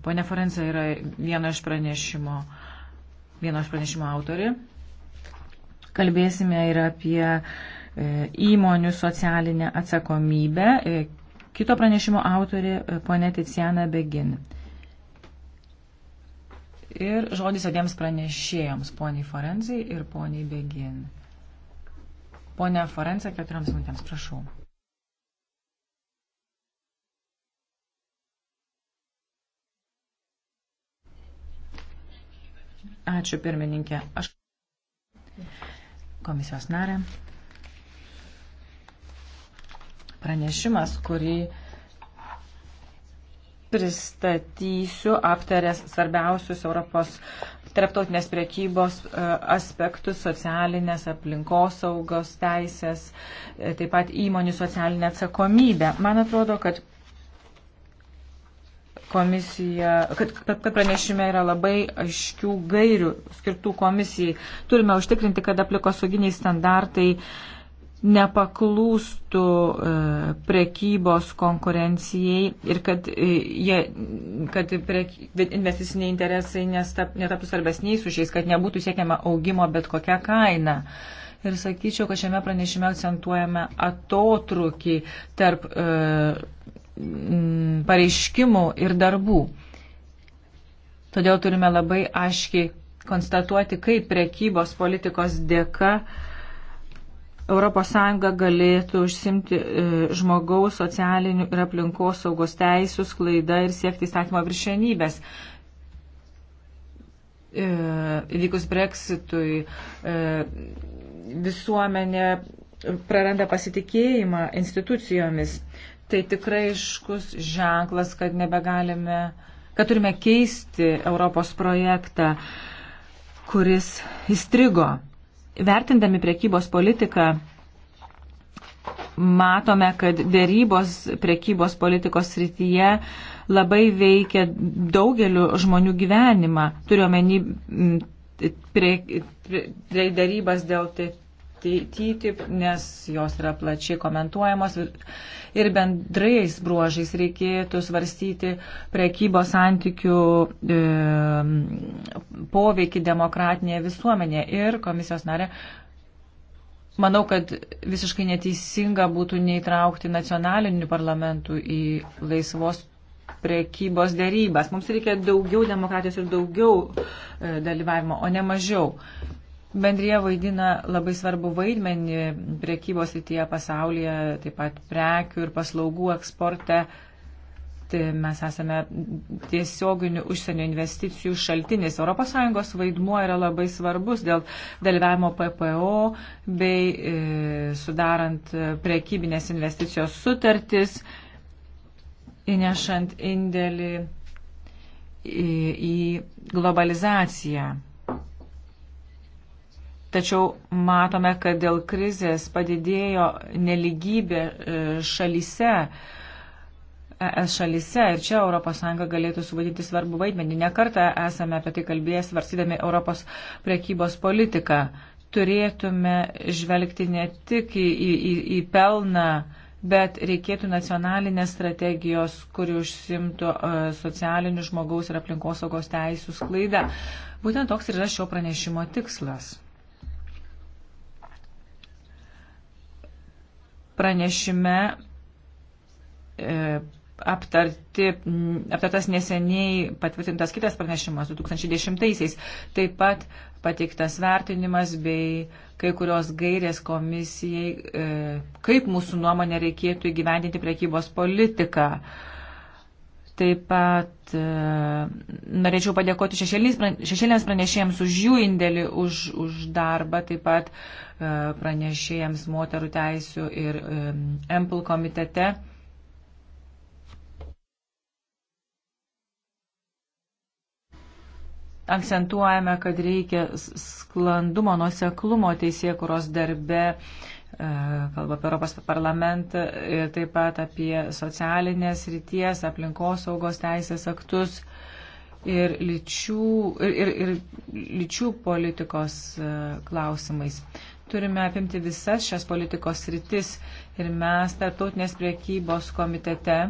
Pone Forenza yra vieno iš pranešimo, vieno iš pranešimo autori. Kalbėsime ir apie e, įmonių socialinę atsakomybę. E, kito pranešimo autori e, ponė Ticiana Begin. Ir žodis abiems pranešėjams, poniai Forenzai ir poniai Begin. Pone Forenza, keturioms minutėms, prašau. Ačiū pirmininkė. Aš komisijos narė. Pranešimas, kurį pristatysiu aptaręs svarbiausius Europos tarptautinės priekybos e, aspektus, socialinės aplinkos saugos teisės, e, taip pat įmonių socialinę atsakomybę. Man atrodo, kad komisija, kad, kad, kad pranešime yra labai aiškių gairių skirtų komisijai. Turime užtikrinti, kad aplikosauginiai standartai nepaklūstų e, prekybos konkurencijai ir kad, e, jie, kad prek, investiciniai interesai nestap, netaptų svarbesniais už jais, kad nebūtų siekiama augimo bet kokią kainą. Ir sakyčiau, kad šiame pranešime akcentuojame atotrukį tarp e, Mm, pareiškimų ir darbų. Todėl turime labai aiškiai konstatuoti, kaip prekybos politikos dėka ES galėtų užsimti e, žmogaus socialinių ir aplinkos saugos teisų sklaida ir siekti įstatymo viršenybės. E, įvykus breksitui e, visuomenė praranda pasitikėjimą institucijomis tai tikrai iškus ženklas, kad nebegalime, kad turime keisti Europos projektą, kuris įstrigo. Vertindami priekybos politiką, matome, kad dėrybos priekybos politikos srityje labai veikia daugeliu žmonių gyvenimą. Turiuomenį prie, prie, prie dėrybas dėl taip TTIP, nes jos yra plačiai komentuojamos ir bendrais bruožais reikėtų svarstyti prekybos santykių e, poveikį demokratinėje visuomenėje. Ir komisijos narė, manau, kad visiškai neteisinga būtų neįtraukti nacionalinių parlamentų į laisvos prekybos dėrybas. Mums reikia daugiau demokratijos ir daugiau e, dalyvavimo, o ne mažiau. Bendrija vaidina labai svarbu vaidmenį priekybos rytyje pasaulyje, taip pat prekių ir paslaugų eksporte. Tai mes esame tiesioginių užsienio investicijų šaltinis. ES vaidmuo yra labai svarbus dėl dalyvavimo PPO bei e, sudarant priekybinės investicijos sutartis, įnešant indėlį į, e, į globalizaciją. Tačiau matome, kad dėl krizės padidėjo neligybė e, šalyse, ES šalyse ir čia ES galėtų suvadinti svarbu vaidmenį. Nekartą esame apie tai kalbėję svarstydami Europos priekybos politiką. Turėtume žvelgti ne tik į, į, į, į pelną, bet reikėtų nacionalinės strategijos, kuri užsimtų e, socialinių žmogaus ir aplinkosaugos teisų sklaidą. Būtent toks ir yra šio pranešimo tikslas. Pranešime e, aptarti, aptartas neseniai patvirtintas kitas pranešimas 2010-aisiais. Taip pat pateiktas vertinimas bei kai kurios gairės komisijai, e, kaip mūsų nuomonė reikėtų įgyvendinti priekybos politiką. Taip pat e, norėčiau padėkoti šešėlėms pranešėjams už jų indėlį, už, už darbą, taip pat e, pranešėjams moterų teisų ir e, MPL komitete. Akcentuojame, kad reikia sklandumo, nuseklumo teisėkuros darbe. E, E, kalba apie Europos parlamentą ir taip pat apie socialinės ryties, aplinkosaugos teisės aktus ir lyčių, ir, ir, ir lyčių politikos e, klausimais. Turime apimti visas šias politikos rytis ir mes tarptautinės priekybos komitete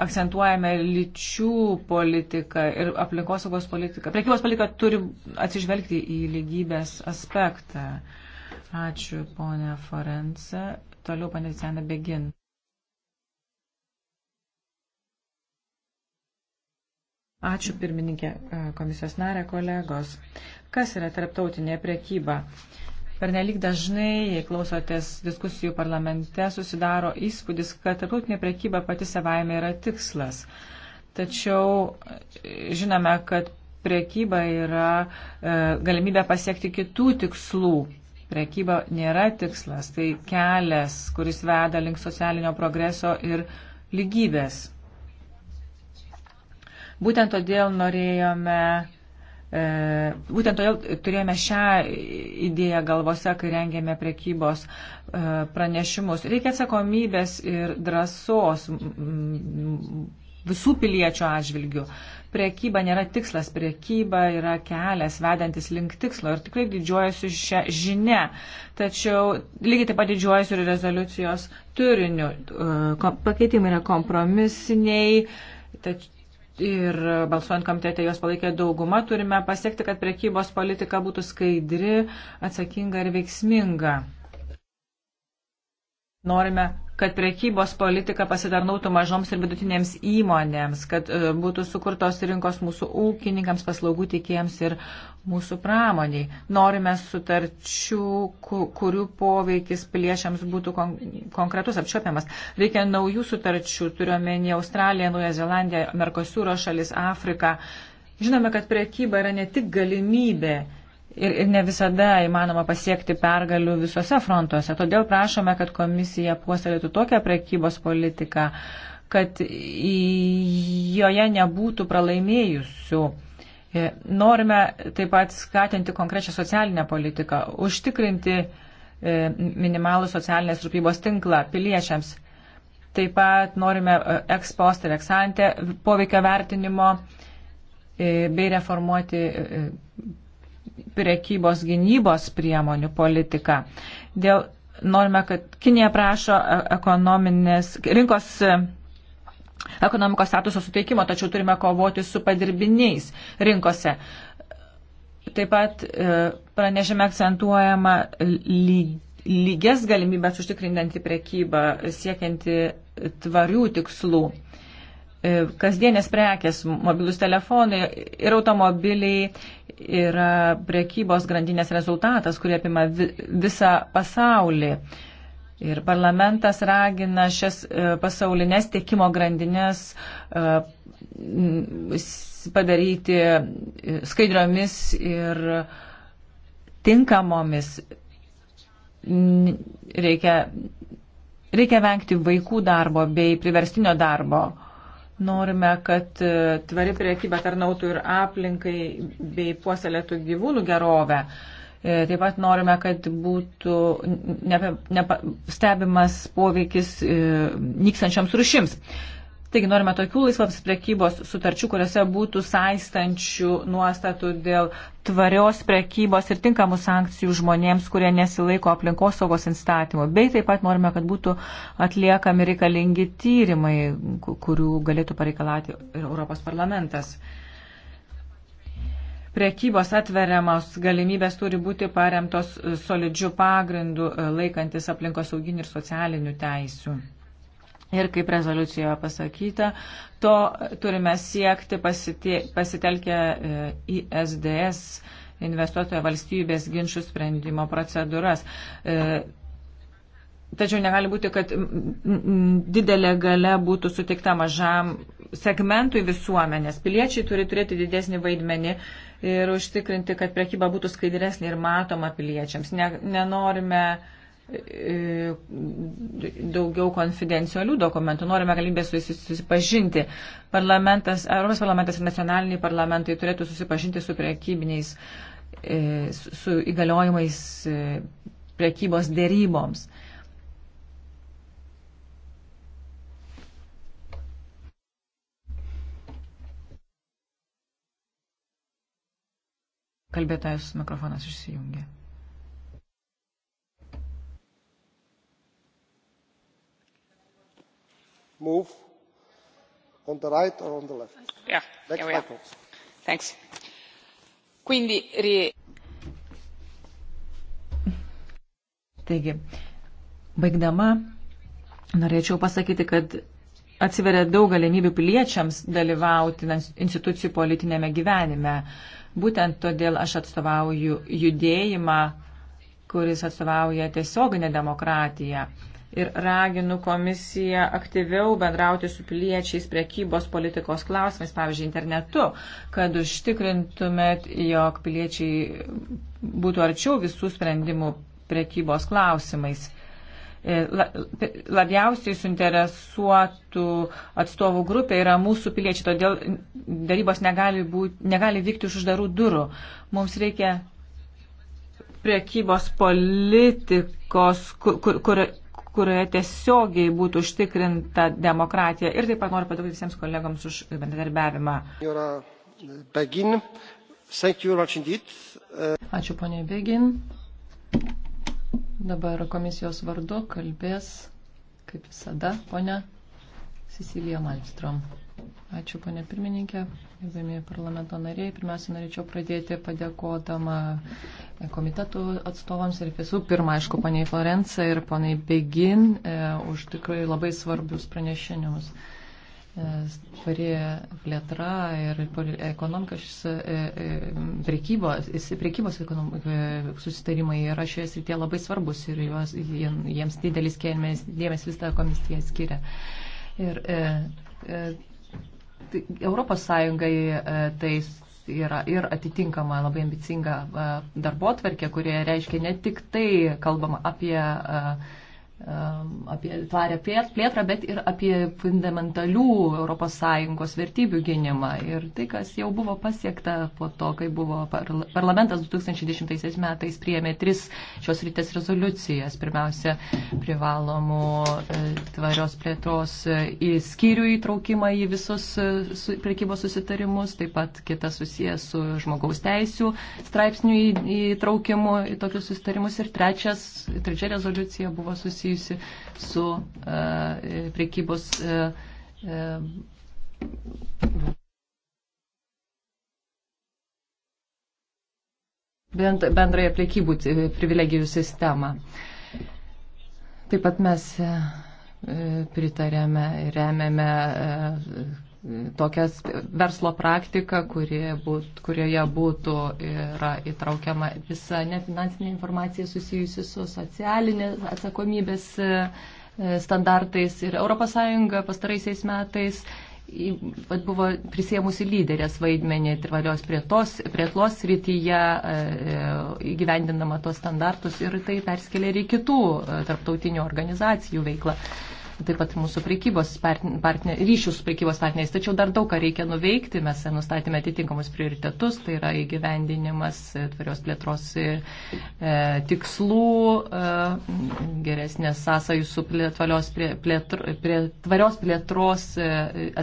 akcentuojame lyčių politiką ir aplinkosaugos politiką. Prekybos politika turi atsižvelgti į lygybės aspektą. Ačiū, ponė Forence. Toliau, ponė Sena Begin. Ačiū pirmininkė, komisijos narė, kolegos. Kas yra tarptautinė priekyba? Per nelik dažnai, jei klausotės diskusijų parlamente, susidaro įspūdis, kad tarptautinė prekyba pati savaime yra tikslas. Tačiau e, žinome, kad prekyba yra e, galimybė pasiekti kitų tikslų. Prekyba nėra tikslas, tai kelias, kuris veda link socialinio progreso ir lygybės. Būtent todėl norėjome E, būtent todėl turėjome šią idėją galvose, kai rengėme prekybos e, pranešimus. Reikia atsakomybės ir drąsos visų piliečių atžvilgių. Prekyba nėra tikslas, prekyba yra kelias vedantis link tikslo ir tikrai didžiuojasi šią žinę. Tačiau lygiai taip pat didžiuojasi ir rezoliucijos turiniu. E, pakeitimai yra kompromisiniai, tačiau ir balsuojant komitete jos palaikė dauguma, turime pasiekti, kad prekybos politika būtų skaidri, atsakinga ir veiksminga. Norime kad prekybos politika pasitarnautų mažoms ir vidutinėms įmonėms, kad e, būtų sukurtos rinkos mūsų ūkininkams, paslaugų teikėjams ir mūsų pramoniai. Norime sutarčių, kurių poveikis piliečiams būtų kon konkretus, apčiopiamas. Reikia naujų sutarčių, turiuomenį Australiją, Naują Zelandiją, Merkosūro šalis, Afriką. Žinome, kad prekyba yra ne tik galimybė ir, ir ne visada įmanoma pasiekti pergalių visuose frontuose. Todėl prašome, kad komisija puoselėtų tokią prekybos politiką, kad joje nebūtų pralaimėjusių. E, norime taip pat skatinti konkrečią socialinę politiką, užtikrinti e, minimalų socialinės rūpybos tinklą piliečiams. Taip pat norime ekspost ir eksante poveikio vertinimo e, bei reformuoti prekybos gynybos priemonių politiką. Dėl, norime, kad Kinija prašo e, ekonominės rinkos e, ekonomikos statuso suteikimo, tačiau turime kovoti su padirbiniais rinkose. Taip pat e, pranešime akcentuojama lygias galimybės užtikrinanti prekybą, siekianti tvarių tikslų. E, kasdienės prekės, mobilus telefonai ir automobiliai yra prekybos grandinės rezultatas, kurie apima visą pasaulį. Ir parlamentas ragina šias e, pasaulinės tiekimo grandinės e, padaryti skaidriomis ir tinkamomis. Reikia, reikia vengti vaikų darbo bei priverstinio darbo. Norime, kad e, tvari priekyba tarnautų ir aplinkai bei puoselėtų gyvūnų gerovę. E, taip pat norime, kad būtų nepa, nepa, stebimas poveikis e, nykstančiams rušims. Taigi norime tokių laisvos prekybos sutarčių, kuriuose būtų saistančių nuostatų dėl tvarios prekybos ir tinkamų sankcijų žmonėms, kurie nesilaiko aplinkosaugos įstatymų. Bei taip pat norime, kad būtų atliekami reikalingi tyrimai, kurių galėtų pareikalauti ir Europos parlamentas priekybos atveriamos galimybės turi būti paremtos solidžių pagrindų laikantis aplinkosauginių ir socialinių teisių. Ir kaip rezoliucijoje pasakyta, to turime siekti pasitelkę e, ISDS investuotojo valstybės ginčių sprendimo procedūras. E, tačiau negali būti, kad didelė gale būtų sutikta mažam segmentui visuomenės. Piliečiai turi turėti didesnį vaidmenį ir užtikrinti, kad prekyba būtų skaidresnė ir matoma piliečiams. Ne, nenorime e, daugiau konfidencialių dokumentų, norime galimybės su jais susipažinti. Parlamentas, Europos parlamentas ir nacionaliniai parlamentai turėtų susipažinti su priekybiniais, e, su įgaliojimais e, priekybos dėryboms. Kalbėtojas mikrofonas išsijungia. move on the right or on the left. Yeah, Next yeah, yeah. Thanks. Quindi, ri... Taigi, baigdama, norėčiau pasakyti, kad atsiveria daug galimybių piliečiams dalyvauti institucijų politinėme gyvenime. Būtent todėl aš atstovauju judėjimą, kuris atstovauja tiesioginę demokratiją ir raginu komisiją aktyviau bendrauti su piliečiais prekybos politikos klausimais, pavyzdžiui, internetu, kad užtikrintumėt, jog piliečiai būtų arčiau visų sprendimų prekybos klausimais. E, labiausiai suinteresuotų atstovų grupė yra mūsų piliečiai, todėl darybos negali, būti, negali vykti už uždarų durų. Mums reikia priekybos politikos, kur, kur, kur kurioje tiesiogiai būtų užtikrinta demokratija. Ir taip pat noriu padėkoti visiems kolegams už bendradarbiavimą. Ačiū ponė Begin. Dabar komisijos vardu kalbės, kaip visada, ponė Cecilija Malmstrom. Ačiū, ponė pirmininkė, gerbėmi parlamento nariai. Pirmiausia, norėčiau pradėti padėkodama komitetų atstovams ir visų pirma, aišku, poniai Florenca ir poniai Begin e, už tikrai labai svarbius pranešinimus tvari e, plėtra ir ekonomika, e, e, prekybos, prekybos susitarimai yra šioje srityje labai svarbus ir juos, jiems didelis dėmesys ta komisija skiria. Ir, e, e, Tai Europos Sąjungai e, tai yra ir atitinkama labai ambicinga e, darbo tvarkė, kurie reiškia ne tik tai kalbama apie e, Um, apie tvarę plėtrą, bet ir apie fundamentalių ES vertybių gynimą. Ir tai, kas jau buvo pasiekta po to, kai buvo parlamentas 2010 metais priėmė tris šios rytės rezoliucijas. Pirmiausia, privalomų e, tvarios plėtros e, į skyrių įtraukimą į visus e, prekybos susitarimus, taip pat kitas susijęs su žmogaus teisų straipsnių įtraukimu į tokius susitarimus. Ir trečias, trečia rezoliucija buvo susijusi susijusi su e, priekybos. E, e, bendrąją priekybų e, privilegijų sistemą. Taip pat mes e, e, pritarėme, remiame tokias verslo praktiką, kurie būt, kurioje būtų yra įtraukiama visa nefinansinė informacija susijusi su socialinės atsakomybės e, standartais. Ir ES pastaraisiais metais buvo prisėmusi lyderės vaidmenį trivalios prietlos prie srityje, e, e, įgyvendinama tos standartus ir tai perskelia ir į kitų tarptautinių organizacijų veiklą taip pat mūsų prekybos partner, ryšių su prekybos partneriais. Tačiau dar daug ką reikia nuveikti, mes nustatėme atitinkamus prioritetus, tai yra įgyvendinimas e, tvarios plėtros e, e, tikslų, e, geresnės sąsajų su tvarios plėtr, plėtros, plėtros e,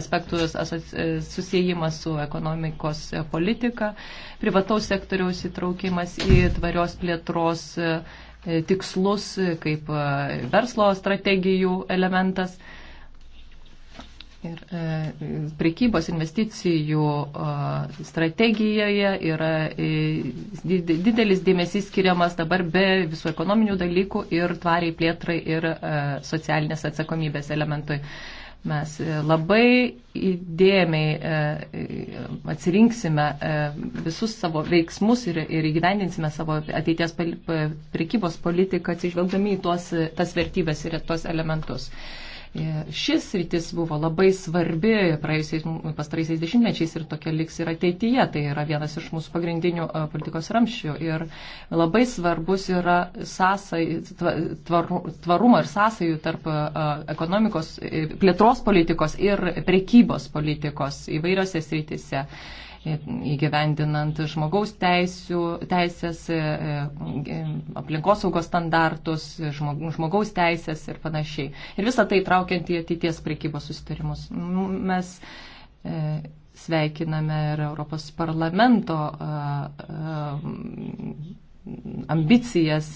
aspektus e, susijimas su ekonomikos politika, privataus sektoriaus įtraukimas į tvarios plėtros e, E, tikslus, e, kaip e, verslo strategijų elementas. Ir e, prekybos investicijų e, strategijoje yra e, didelis dėmesys skiriamas dabar be visų ekonominių dalykų ir tvariai plėtrai ir e, socialinės atsakomybės elementui. E, Mes e, labai įdėmiai e, atsirinksime e, visus savo veiksmus ir, ir įgyvendinsime savo ateities prekybos politiką, atsižvelgdami į tuos, tas vertybės ir tuos elementus. E, šis rytis buvo labai svarbi pastaraisiais dešimtmečiais ir tokia liks ir ateityje. Tai yra vienas iš mūsų pagrindinių e, politikos ramščių. Ir labai svarbus yra sąsai, tvar, tvarumo ir sąsajų tarp e, ekonomikos, plėtros politikos ir prekybos politikos įvairiose srityse įgyvendinant žmogaus teisių, teisės, e, e, aplinkosaugos standartus, žmogaus teisės ir panašiai. Ir visą tai traukiant į ateities prekybos sustarimus. Mes e, sveikiname ir Europos parlamento ambicijas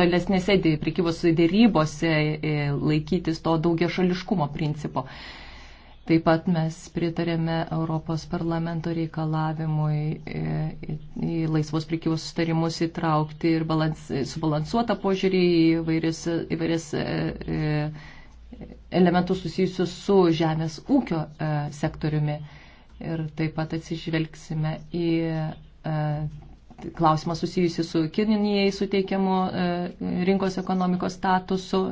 tolesnėse prekybos dėrybose laikytis to daugia šališkumo principo. Taip pat mes pritarėme Europos parlamento reikalavimui e, į laisvos prikybos sustarimus įtraukti ir balans, subalansuotą požiūrį į vairias, įvairias e, e, elementus susijusius su žemės ūkio sektoriumi. Ir taip pat atsižvelgsime į klausimą susijusi su Kinijai suteikiamu rinkos ekonomikos statusu.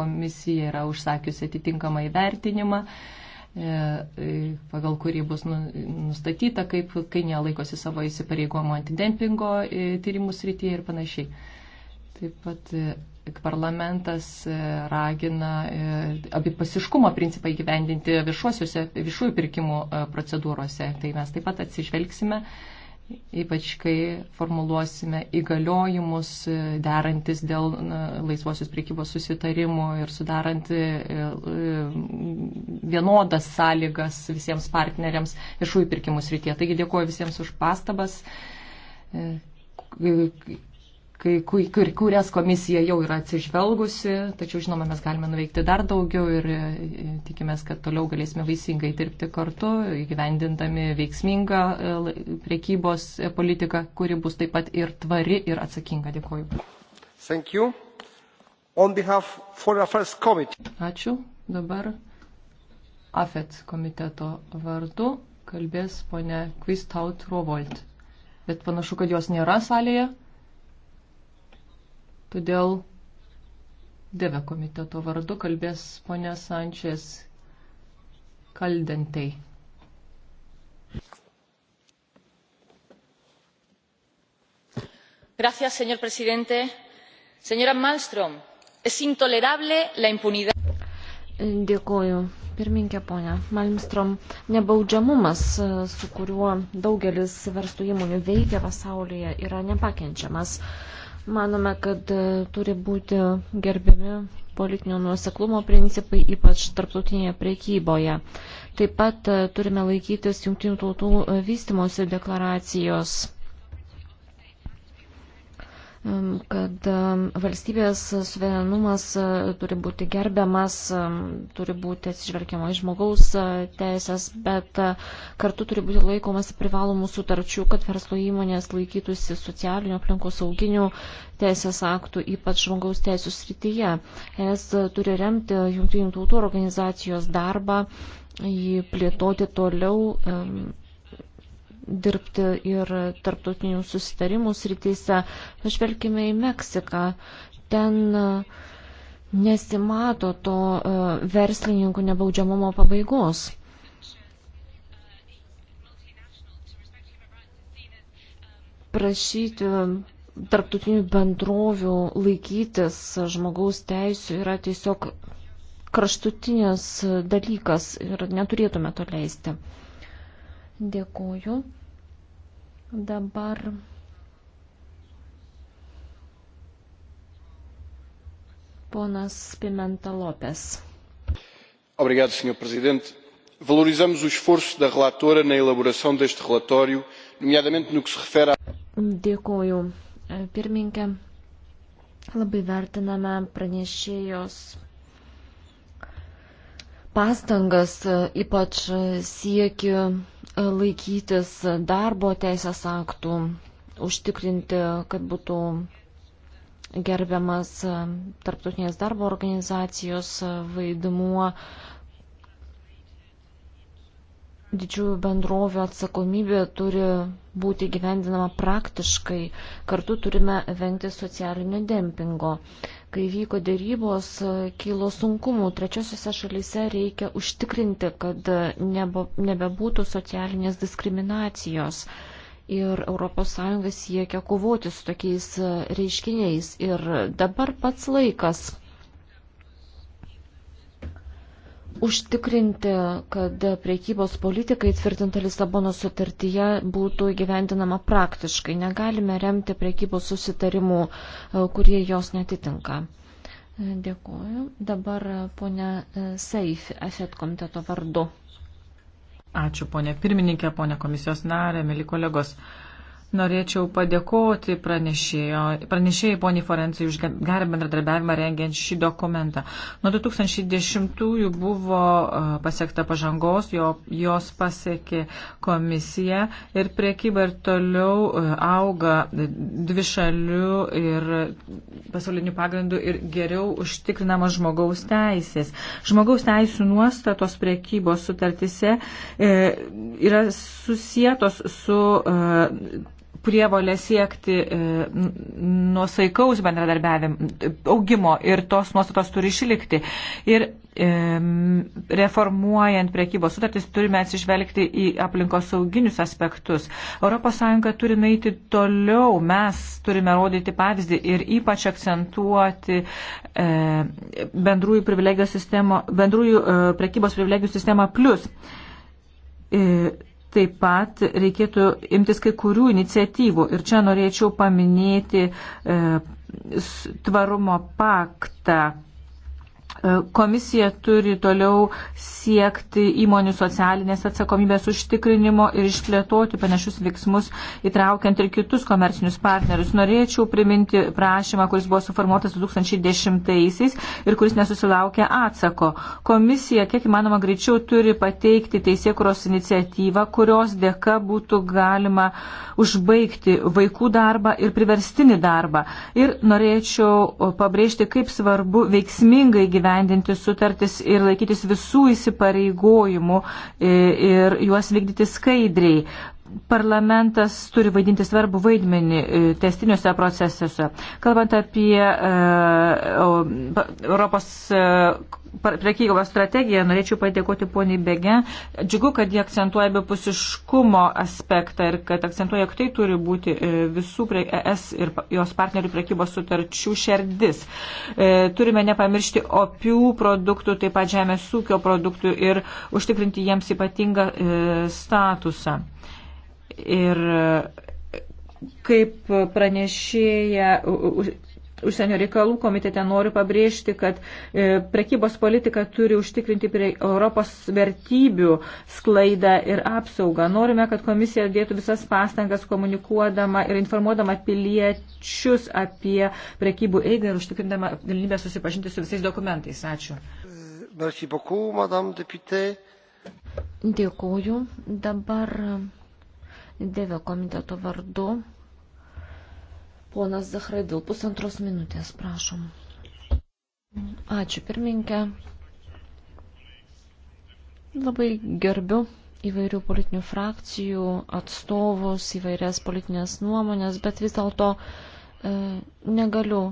Komisija yra užsakiusi atitinkamą įvertinimą E, e, pagal kurį bus nu, nustatyta, kaip Kinija laikosi savo įsipareigojimo antidempingo e, tyrimų srityje ir panašiai. Taip pat parlamentas ragina abipasiškumo principą įgyvendinti viešuosiuose, viešųjų pirkimų procedūrose. Tai mes taip pat atsižvelgsime ypač kai formuluosime įgaliojimus, e, derantis dėl laisvosios priekybos susitarimų ir sudarant e, e, vienodas sąlygas visiems partneriams viešųjų pirkimų srityje. Taigi dėkuoju visiems už pastabas kai, kur, kurias komisija jau yra atsižvelgusi, tačiau žinoma, mes galime nuveikti dar daugiau ir e, tikimės, kad toliau galėsime vaisingai dirbti kartu, įgyvendindami veiksmingą e, priekybos e, politiką, kuri bus taip pat ir tvari ir atsakinga. Dėkuoju. Ačiū. Dabar AFET komiteto vardu kalbės ponia Kvistaut Rovolt. Bet panašu, kad jos nėra salėje. Todėl Deve komiteto vardu kalbės ponė Sančias Kaldentai. Gracias, señor presidente. Señora Malmström, es intolerable la impunidad. Dėkuoju. Pirminkė ponia Malmstrom, nebaudžiamumas, e, su kuriuo daugelis verslo įmonių veikia pasaulyje, yra nepakenčiamas. Uh, Manome, kad e, turi būti gerbiami politinio nuoseklumo principai, ypač tarptautinėje priekyboje. Taip pat e, turime laikytis Junktinių tautų e, vystimosi deklaracijos Um, kad um, valstybės suverenumas uh, turi būti gerbiamas, um, turi būti atsižvelgiama į žmogaus uh, teisės, bet uh, kartu turi būti laikomas privalomų sutarčių, kad verslo įmonės laikytųsi socialinių aplinkos sauginių teisės aktų, ypač žmogaus teisų srityje. Es turi remti jungtinių tautų organizacijos darbą, jį plėtoti toliau dirbti ir tarptautinių susitarimų srityse. Pažvelkime į Meksiką. Ten e, nesimato to e, verslininkų nebaudžiamumo pabaigos. Prašyti tarptautinių bendrovių laikytis žmogaus teisų yra tiesiog kraštutinis dalykas ir neturėtume to leisti. Dėkuoju. Dabar ponas Pimenta Lopes. Obrigado, Sr. Presidente. Valorizamos o esforço da relatora na elaboração deste relatório, nomeadamente no que se refere a. Dėkuoju, pirmininkė. Labai vertiname pranešėjos pastangas, ypač siekiu laikytis darbo teisės aktų, užtikrinti, kad būtų gerbiamas tarptautinės darbo organizacijos vaidmuo, didžiųjų bendrovių atsakomybė turi būti gyvendinama praktiškai, kartu turime vengti socialinio dempingo. Kai vyko dėrybos, kilo sunkumų. Trečiosiuose šalyse reikia užtikrinti, kad nebebūtų socialinės diskriminacijos. Ir ES siekia kovoti su tokiais reiškiniais. Ir dabar pats laikas užtikrinti, kad priekybos politika įtvirtinta Lisabono sutartyje būtų įgyvendinama praktiškai. Negalime remti priekybos susitarimų, e, kurie jos netitinka. E, Dėkuoju. Dabar e, ponia Seif, FED komiteto vardu. Ačiū, ponia pirmininkė, ponia komisijos narė, mėly kolegos. Uh, Norėčiau padėkoti pranešėjai poniai Forencijai už gerą bendradarbiavimą rengiant šį dokumentą. Nuo 2010-ųjų buvo pasiekta pažangos, jo, jos pasiekė komisija ir priekyba ir toliau auga dvi šalių ir pasaulinių pagrindų ir geriau užtikrinama žmogaus teisės. Žmogaus teisų nuostatos priekybos sutartise e, yra susijėtos su e, prievolė siekti e, nuosaikaus bendradarbiavimo augimo ir tos nuostatos turi išlikti. Ir e, reformuojant priekybos sutartis turime atsižvelgti į aplinkos sauginius aspektus. ES turi naiti toliau, mes turime rodyti pavyzdį ir ypač akcentuoti e, bendrųjų, sistemo, bendrųjų e, priekybos privilegijų sistemą plus. E, Taip pat reikėtų imtis kai kurių iniciatyvų. Ir čia norėčiau paminėti e, tvarumo paktą E, komisija turi toliau siekti įmonių socialinės atsakomybės užtikrinimo ir išplėtoti panašius veiksmus, įtraukiant ir kitus komercinius partnerius. Norėčiau priminti prašymą, kuris buvo suformuotas 2010-aisiais ir kuris nesusilaukė atsako. Komisija, kiek įmanoma greičiau, turi pateikti teisėkuros iniciatyvą, kurios dėka būtų galima užbaigti vaikų darbą ir priverstinį darbą. Ir norėčiau pabrėžti, kaip svarbu veiksmingai gyventi įgyvendinti sutartis ir laikytis visų įsipareigojimų e, ir juos vykdyti skaidriai parlamentas turi vaidinti svarbų vaidmenį e, testiniuose procesuose. Kalbant apie uh, Europos uh, e, prekybos strategiją, norėčiau padėkoti poniai Bege. Džiugu, kad jie akcentuoja bepusiškumo aspektą ir kad akcentuoja, jog tai turi būti visų prie ES ir jos partnerių prekybos sutarčių šerdis. Turime nepamiršti opių produktų, taip pat žemės ūkio produktų ir užtikrinti jiems ypatingą statusą. Ir kaip pranešėja užsienio reikalų komitete noriu pabrėžti, kad e, prekybos politika turi užtikrinti prie Europos vertybių sklaidą ir apsaugą. Norime, kad komisija dėtų visas pastangas komunikuodama ir informuodama piliečius apie prekybų eigą ir užtikrindama galimybę susipažinti su visais dokumentais. Ačiū. Merci beaucoup, Madame Deputė. Dėkuoju. Dabar Dėvė komiteto vardu. Ponas Zahraidil, pusantros minutės, prašom. Ačiū pirminkė. Labai gerbiu įvairių politinių frakcijų atstovus, įvairias politinės nuomonės, bet vis dėlto e, negaliu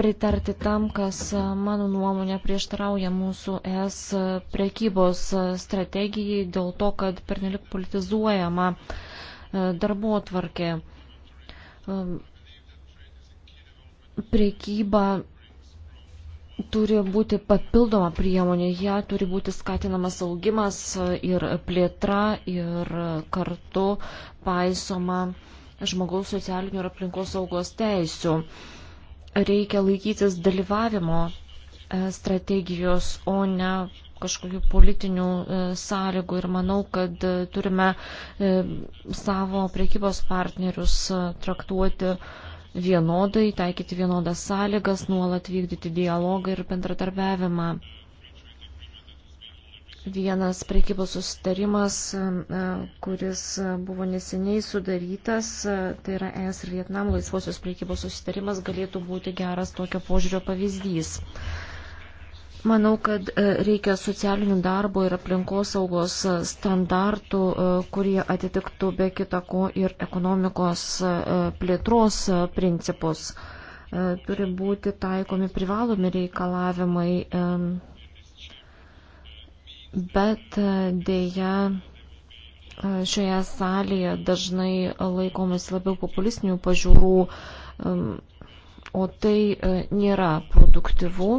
pritarti tam, kas e, mano nuomonė prieštarauja mūsų es e, prekybos e, strategijai dėl to, kad pernelik politizuojama E, darbo atvarkė. E, priekyba turi būti papildoma priemonė, ją turi būti skatinamas augimas ir plėtra ir kartu paisoma žmogaus socialinių ir aplinkos saugos teisių. Reikia laikytis dalyvavimo e, strategijos, o ne kažkokių politinių e, sąlygų ir manau, kad e, turime e, savo priekybos partnerius traktuoti vienodai, taikyti vienodas sąlygas, nuolat vykdyti dialogą ir bendradarbiavimą. Vienas priekybos sustarimas, kuris buvo neseniai sudarytas, tai yra ES ir Vietnam laisvosios priekybos sustarimas, galėtų būti geras tokio požiūrio pavyzdys. Manau, kad e, reikia socialinių darbo ir aplinkosaugos e, standartų, e, kurie atitiktų be kitako ir ekonomikos plėtros principus. Turi būti taikomi privalomi reikalavimai, bet dėja šioje salėje dažnai laikomis labiau populistinių pažiūrų, o tai nėra produktyvu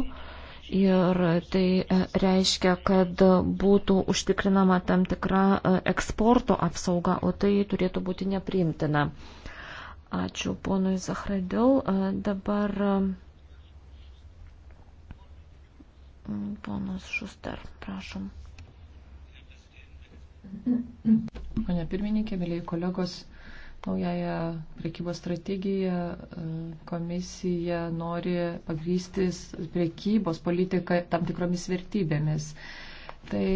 Ir tai e, reiškia, kad būtų užtikrinama tam tikra e, eksporto apsauga, o tai turėtų būti nepriimtina. Ačiū ponui Zahradil. E, dabar ponas Šuster, prašom. Pane pirmininkė, mėlyi kolegos, Naująją prekybos strategiją e, komisija nori pagrystis prekybos politiką tam tikromis vertybėmis. Tai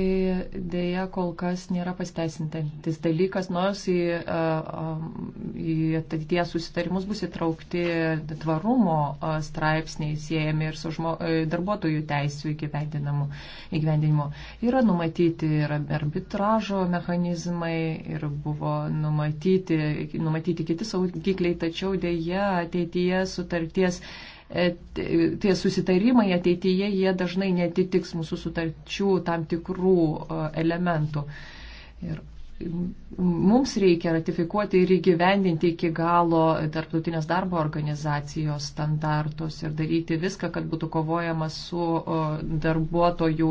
dėja kol kas nėra pasiteisintantis dalykas, nors į, į ateities susitarimus bus įtraukti tvarumo straipsniai siejami ir su žmo, e, darbuotojų teisų įgyvendinimu. Yra numatyti ir arbitražo mechanizmai, ir buvo numatyti, numatyti kiti saugikliai, tačiau dėja ateityje sutarties E, tie susitarimai ateityje, jie dažnai netitiks mūsų sutarčių tam tikrų e, elementų. Ir mums reikia ratifikuoti ir įgyvendinti iki galo tarptautinės darbo organizacijos standartus ir daryti viską, kad būtų kovojama su e, darbuotojų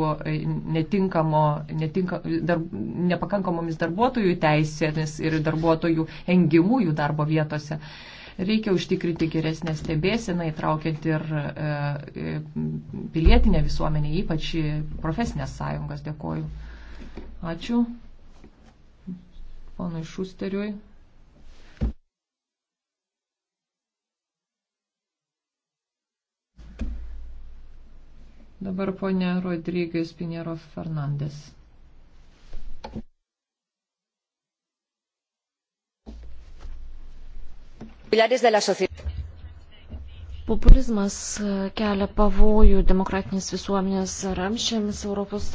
netinkamo, netinka, dar, nepakankamomis darbuotojų teisėmis ir darbuotojų engimų jų darbo vietose. Uh, Reikia užtikrinti geresnę stebėseną, įtraukiant ir e, e, pilietinę visuomenę, ypač profesinės sąjungas. Dėkoju. Ačiū. Ponui Šusteriui. Dabar ponia Rodrygės Pinero Fernandes. pilares de la sociedad. Populizmas kelia pavojų demokratinės visuomenės ramšėms ES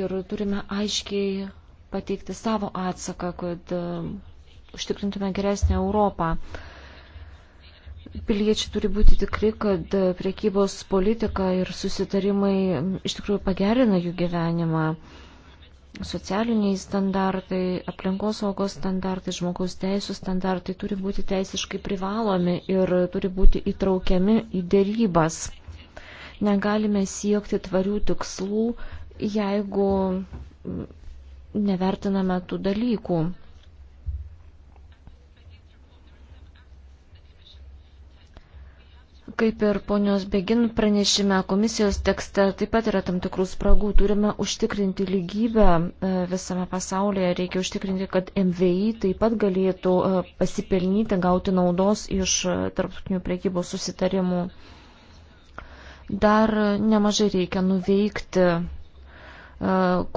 ir turime aiškiai pateikti savo atsaką, kad um, užtikrintume geresnę Europą. Piliečiai turi būti tikri, kad priekybos politika ir susitarimai um, iš tikrųjų pagerina jų gyvenimą socialiniai standartai, aplinkosaugos standartai, žmogaus teisų standartai turi būti teisiškai privalomi ir turi būti įtraukiami į dėrybas. Negalime siekti tvarių tikslų, jeigu nevertiname tų dalykų. Kaip ir ponios Begin pranešime komisijos tekste taip pat yra tam tikrų spragų. Turime užtikrinti lygybę e, visame pasaulyje. Reikia užtikrinti, kad MVI taip pat galėtų e, pasipelnyti, gauti naudos iš e, tarptautinių priekybos susitarimų. Dar nemažai reikia nuveikti,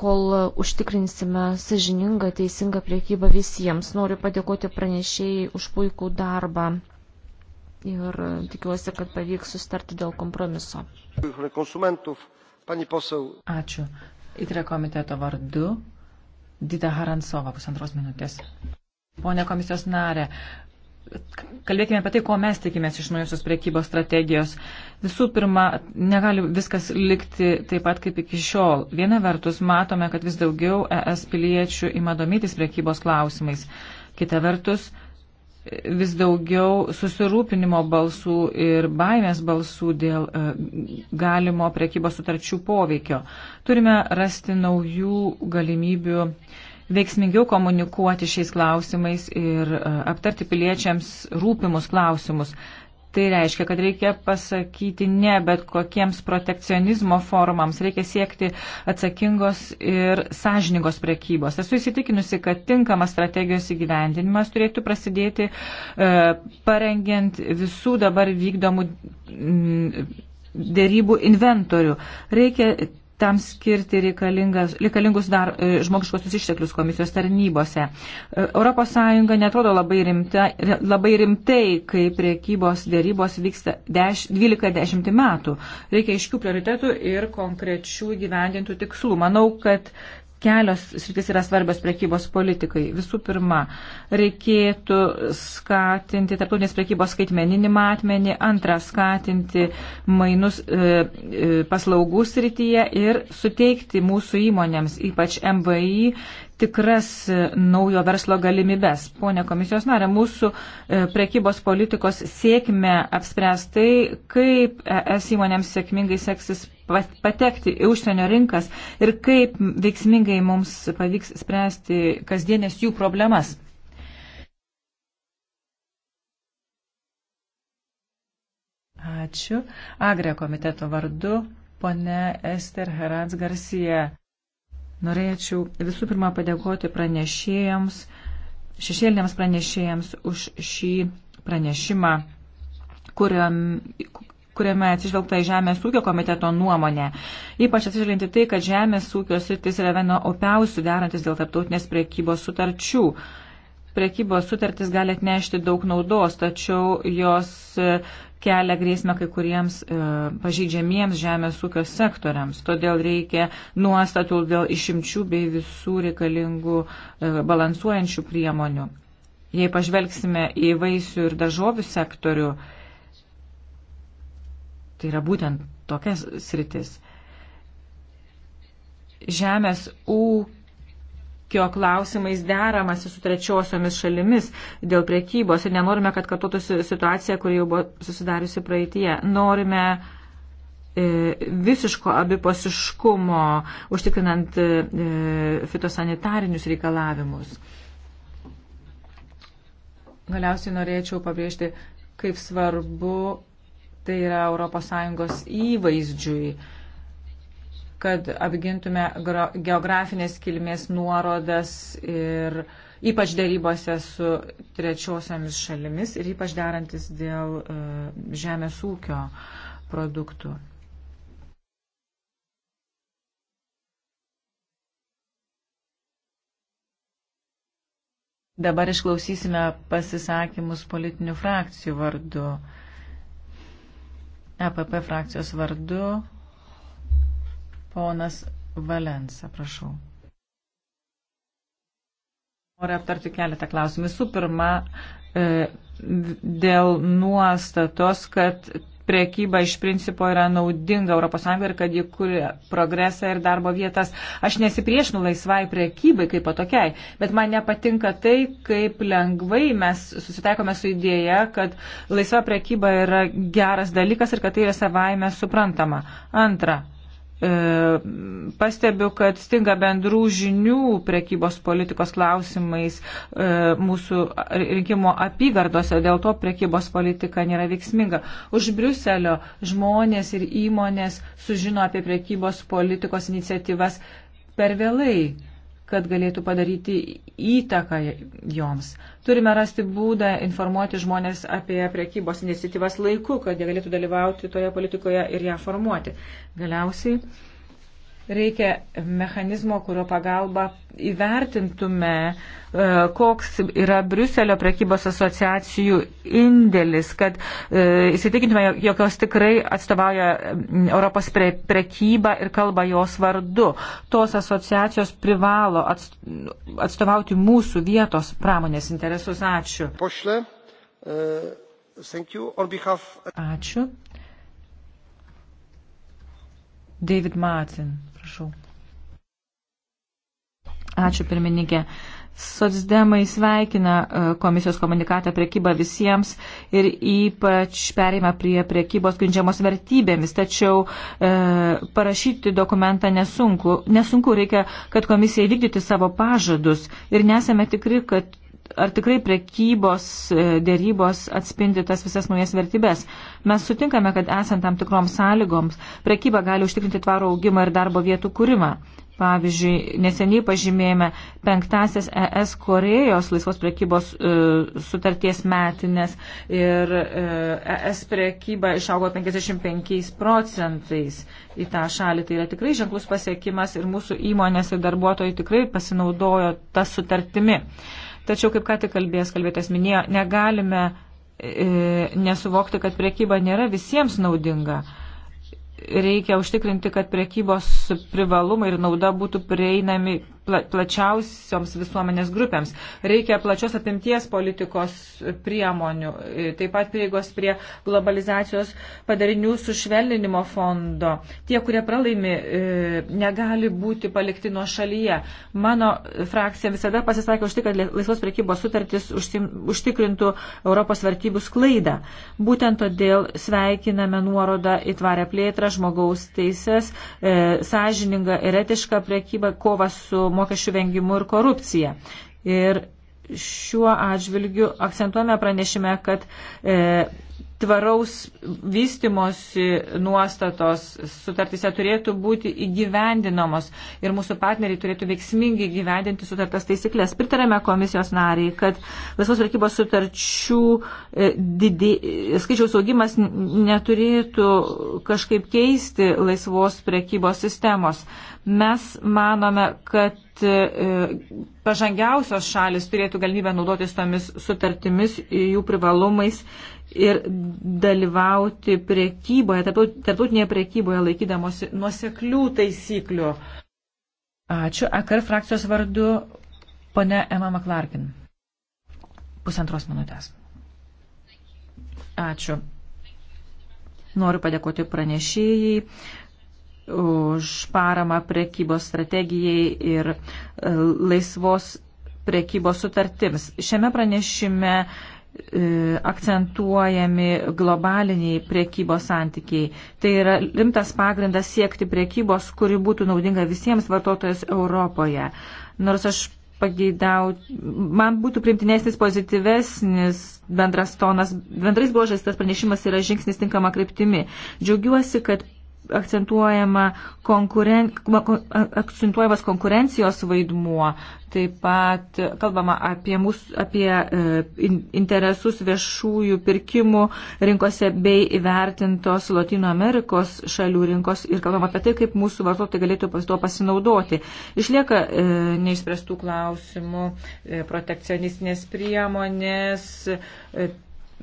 kol užtikrinsime sažiningą, teisingą priekybą visiems. Noriu padėkoti pranešėjai už puikų darbą ir tikiuosi, kad pavyks sustarti dėl kompromiso. Ačiū. Įtrė komiteto vardu Dita Haransova pusantros minutės. Pone komisijos narė, kalbėkime apie tai, ko mes tikimės iš naujosios priekybos strategijos. Visų pirma, negali viskas likti taip pat kaip iki šiol. Viena vertus, matome, kad vis daugiau ES piliečių ima domytis priekybos klausimais. Kita vertus, vis daugiau susirūpinimo balsų ir baimės balsų dėl e, galimo prekybos sutarčių poveikio. Turime rasti naujų galimybių veiksmingiau komunikuoti šiais klausimais ir e, aptarti piliečiams rūpimus klausimus. Tai reiškia, kad reikia pasakyti ne bet kokiems protekcionizmo formams, reikia siekti atsakingos ir sąžiningos prekybos. Esu įsitikinusi, kad tinkamas strategijos įgyvendinimas turėtų prasidėti e, parengiant visų dabar vykdomų. M, Dėrybų inventorių. Reikia tam skirti reikalingus dar e, žmogiškosius išteklius komisijos tarnybose. ES netrodo labai, rimta, labai rimtai, kai priekybos dėrybos vyksta 12-10 metų. Reikia iškių prioritetų ir konkrečių gyvendintų tikslų. Manau, kad kelios sritis yra svarbios prekybos politikai. Visų pirma, reikėtų skatinti tarptautinės prekybos skaitmeninį matmenį, antra, skatinti mainus e, e paslaugų srityje ir suteikti mūsų įmonėms, ypač MVI, tikras e, naujo verslo galimybės. Pone komisijos narė, mūsų e, prekybos politikos sėkmė apspręs tai, kaip es įmonėms sėkmingai seksis patekti į užsienio rinkas ir kaip veiksmingai mums pavyks spręsti kasdienės jų problemas. Ačiū. Agrio komiteto vardu pone Ester Herats Garcija. Norėčiau visų pirma padėkoti pranešėjams, šešėliniams pranešėjams už šį pranešimą, kuriam, kuriame atsižvelgta į Žemės ūkio komiteto nuomonę. Ypač atsižvelginti tai, kad Žemės ūkio sritis yra viena opiausių derantis dėl tarptautinės priekybos sutarčių. Priekybos sutartis gali atnešti daug naudos, tačiau jos kelia grėsmę kai kuriems e, pažydžiamiems žemės ūkio sektoriams. Todėl reikia nuostatų dėl išimčių bei visų reikalingų e, balansuojančių priemonių. Jei pažvelgsime į vaisių ir daržovių sektorių, tai yra būtent tokias sritis. Žemės ūkio Minskio klausimais deramasi su trečiosiomis šalimis dėl priekybos ir nenorime, kad kartotųsi situacija, kuri jau buvo susidariusi praeitie. Norime e, visiško abipasiškumo, užtikrinant e, e, fitosanitarinius reikalavimus. Galiausiai norėčiau pabrėžti, kaip svarbu tai yra ES įvaizdžiui kad apgintume geografinės kilmės nuorodas ir ypač dėrybose su trečiosiamis šalimis ir ypač derantis dėl e, žemės ūkio produktų. Dabar išklausysime pasisakymus politinių frakcijų vardu. EPP frakcijos vardu Ponas Valensa, prašau. Noriu aptarti keletą klausimų. Visų pirma, e, dėl nuostatos, kad priekyba iš principo yra naudinga ES ir kad ji kuria progresą ir darbo vietas. Aš nesipriešinu laisvai priekybai kaip patokiai, bet man nepatinka tai, kaip lengvai mes susitaikome su idėja, kad laisva priekyba yra geras dalykas ir kad tai yra savaime suprantama. Antra, E, pastebiu, kad stinga bendrų žinių prekybos politikos klausimais e, mūsų rinkimo apygardose, dėl to prekybos politika nėra veiksminga. Už Briuselio žmonės ir įmonės sužino apie prekybos politikos iniciatyvas per vėlai kad galėtų padaryti įtaką joms. Turime rasti būdą informuoti žmonės apie priekybos iniciatyvas laiku, kad jie galėtų dalyvauti toje politikoje ir ją formuoti. Galiausiai reikia mechanizmo, kurio pagalba įvertintume, e, koks yra Briuselio prekybos asociacijų indėlis, kad e, įsitikintume, jog jos tikrai atstovauja Europos pre prekybą ir kalba jos vardu. Tos asociacijos privalo atstovauti mūsų vietos pramonės interesus. Ačiū. Pošle, uh, behalf... Ačiū. David Martin. Prašau. Ačiū pirmininkė. Sodsdemai sveikina e, komisijos komunikatą prekybą visiems ir ypač perima prie prekybos grindžiamos vertybėmis. Tačiau e, parašyti dokumentą nesunku. Nesunku reikia, kad komisija įvykdyti savo pažadus ir nesame tikri, kad ar tikrai prekybos e, dėrybos atspindi tas visas naujas vertybės. Mes sutinkame, kad esant tam tikroms sąlygoms, prekyba gali užtikrinti tvarų augimą ir darbo vietų kūrimą. Pavyzdžiui, neseniai pažymėjome penktasias ES Korejos laisvos prekybos e, sutarties metinės ir e, ES prekyba išaugo 55 procentais į tą šalį. Tai yra tikrai ženklus pasiekimas ir mūsų įmonės ir darbuotojai tikrai pasinaudojo tą sutartimi. E, Tačiau, kaip ką tik kalbės, kalbėtės minėjo, negalime e, nesuvokti, kad priekyba nėra visiems naudinga. Reikia užtikrinti, kad priekybos privalumai ir nauda būtų prieinami pla, plačiausioms visuomenės grupėms. Reikia plačios apimties politikos priemonių, e, taip pat prieigos prie globalizacijos padarinių sušvelninimo fondo. Tie, kurie pralaimi, e, negali būti palikti nuo šalyje. Mano frakcija visada pasisakė už tai, kad laisvos prekybos sutartis užtikrintų Europos vertybių sklaidą. Būtent todėl sveikiname nuorodą į tvarę plėtrą, žmogaus teises, e, sąžiningą ir etišką prekybą, kovą su mokesčių vengimu ir korupcija. Ir šiuo atžvilgiu akcentuojame pranešime, kad e, tvaraus vystimosi nuostatos sutartise turėtų būti įgyvendinamos ir mūsų partneriai turėtų veiksmingai gyvendinti sutartas taisyklės. Pritarėme komisijos nariai, kad visos varkybos sutarčių e, didė, skaičiaus augimas neturėtų kažkaip keisti laisvos prekybos sistemos. Mes manome, kad e, pažangiausios šalis turėtų galimybę naudotis tomis sutartimis, jų privalumais ir dalyvauti prekyboje, tarptautinėje prekyboje laikydamosi nuoseklių taisyklių. Ačiū. AKR frakcijos vardu pone Emma McLarkin. Pusantros minutės. Ačiū. Noriu padėkoti pranešėjai už paramą prekybos strategijai ir e, laisvos prekybos sutartims. Šiame pranešime E, akcentuojami globaliniai priekybos santykiai. Tai yra rimtas pagrindas siekti priekybos, kuri būtų naudinga visiems vartotojams Europoje. Nors aš pageidau, man būtų primtinesnis pozityvesnis bendras tonas, bendrais bruožais tas pranešimas yra žingsnis tinkama kryptimi. Džiaugiuosi, kad akcentuojama konkuren, akcentuojamas konkurencijos vaidmuo, taip pat kalbama apie, mūsų, apie e, interesus viešųjų pirkimų rinkose bei įvertintos Latino Amerikos šalių rinkos ir kalbama apie tai, kaip mūsų vartotojai galėtų pas to pasinaudoti. Išlieka e, neišspręstų klausimų, e, protekcionistinės priemonės, e,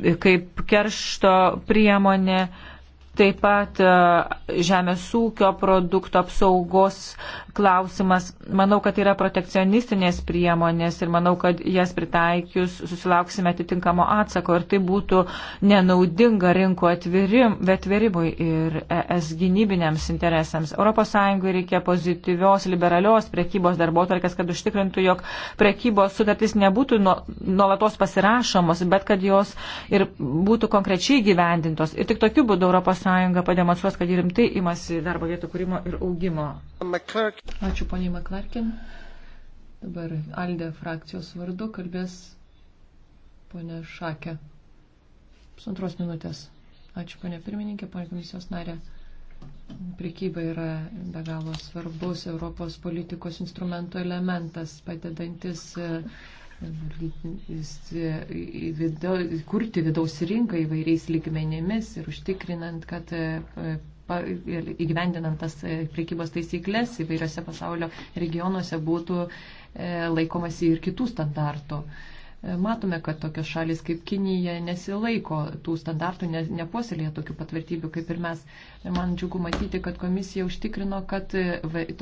e kaip keršto priemonė. E, Taip pat e, žemės ūkio produktų apsaugos klausimas. Manau, kad yra protekcionistinės priemonės ir manau, kad jas pritaikius susilauksime atitinkamo atsako ir tai būtų nenaudinga rinkų atvirim, atvirimui ir es gynybiniams interesams. ES reikia pozityvios, liberalios prekybos darbotarkės, kad užtikrintų, jog prekybos sutartys nebūtų nuolatos pasirašomos, bet kad jos ir būtų konkrečiai gyvendintos. Ir tik tokiu būdu ES ES pademonstruos, kad jį rimtai imasi darbo vietų kūrimo ir augimo. Ačiū poniai McClarkin. Dabar Alde frakcijos vardu kalbės ponė Šakė. Pusantros minutės. Ačiū ponė pirmininkė, ponė komisijos narė. Prekyba yra be galo svarbus Europos politikos instrumento elementas, padedantis uh, kurti vidaus rinką įvairiais lygmenimis ir užtikrinant, kad e, įgyvendinant tas e, priekybos taisyklės įvairiose pasaulio regionuose būtų e, laikomasi ir kitų standartų. Matome, kad tokios šalis kaip Kinija nesilaiko tų standartų, ne, nepuoselėja tokių patvirtybių kaip ir mes. Man džiugu matyti, kad komisija užtikrino, kad e,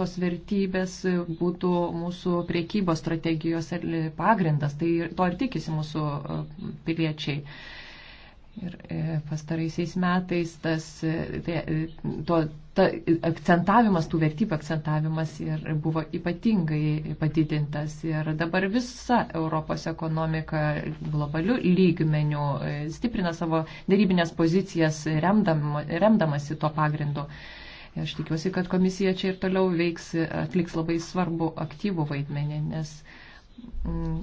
tos vertybės būtų mūsų priekybos strategijos e, pagrindas. Tai to ir tikisi mūsų e, piliečiai. Ir e, pastaraisiais metais tas, e, tai, e, to, ta, akcentavimas, tų vertybių akcentavimas ir buvo ypatingai padidintas. Ir dabar visa Europos ekonomika globalių lygmenių stiprina savo darybinės pozicijas remdam, remdamasi tuo pagrindu. Aš tikiuosi, kad komisija čia ir toliau veiks, atliks labai svarbu aktyvų vaidmenį, nes. Mm,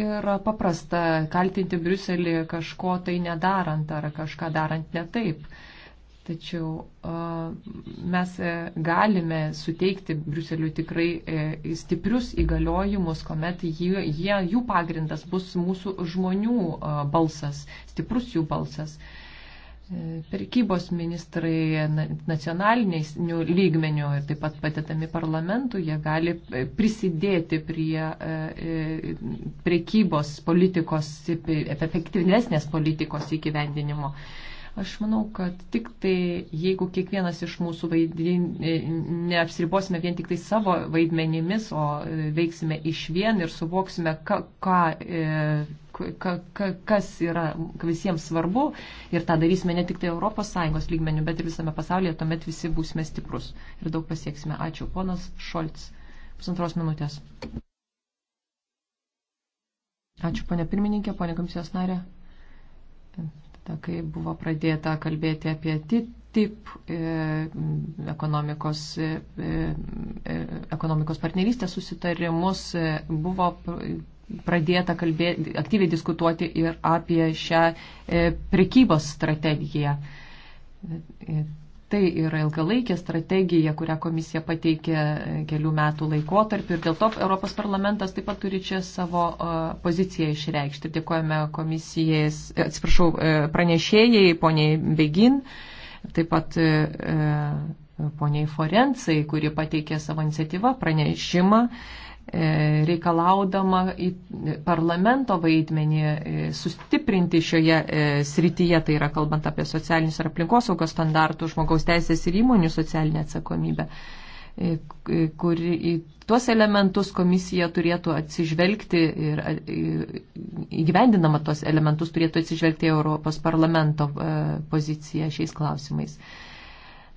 yra paprasta kaltinti Briuselį kažko tai nedarant ar kažką darant ne taip. Tačiau mes e, galime suteikti Briuseliu tikrai e, stiprius įgaliojimus, kuomet jie, jie, jų pagrindas bus mūsų žmonių balsas, stiprus jų balsas. Pirkybos ministrai nacionaliniais lygmenių ir taip pat patėtami parlamentų, jie gali prisidėti prie e, e, prekybos politikos, efektyvesnės politikos įgyvendinimo. Aš manau, kad tik tai jeigu kiekvienas iš mūsų vaidin, e, neapsiribosime vien tik tai savo vaidmenimis, o e, veiksime iš vien ir suvoksime, ką, e, ką, ka, ka, kas yra visiems svarbu ir tą darysime ne tik tai ES lygmenių, bet ir visame pasaulyje, tuomet visi būsime stiprus ir daug pasieksime. Ačiū. Ponas Šolts, pusantros minutės. Ačiū, ponė pirmininkė, ponė komisijos narė. Ta, kai buvo pradėta kalbėti apie TTIP e, ekonomikos, e, e, ekonomikos partnerystės susitarimus, buvo pradėta kalbėti, aktyviai diskutuoti ir apie šią prekybos strategiją. Tai yra ilgalaikė strategija, kurią komisija pateikė e, kelių metų laikotarpį ir dėl to Europos parlamentas taip pat turi čia savo e, poziciją išreikšti. Dėkojame komisijas, e, atsiprašau, pranešėjai, poniai Begin, taip pat poniai Forencai, kuri pateikė savo iniciatyvą pranešimą E, reikalaudama į parlamento vaidmenį e, sustiprinti šioje e, srityje, tai yra kalbant apie socialinius ir aplinkosaugos standartus, žmogaus teisės ir įmonių socialinę atsakomybę kur į tuos elementus komisija turėtų atsižvelgti ir įgyvendinama tuos elementus turėtų atsižvelgti Europos parlamento poziciją šiais klausimais.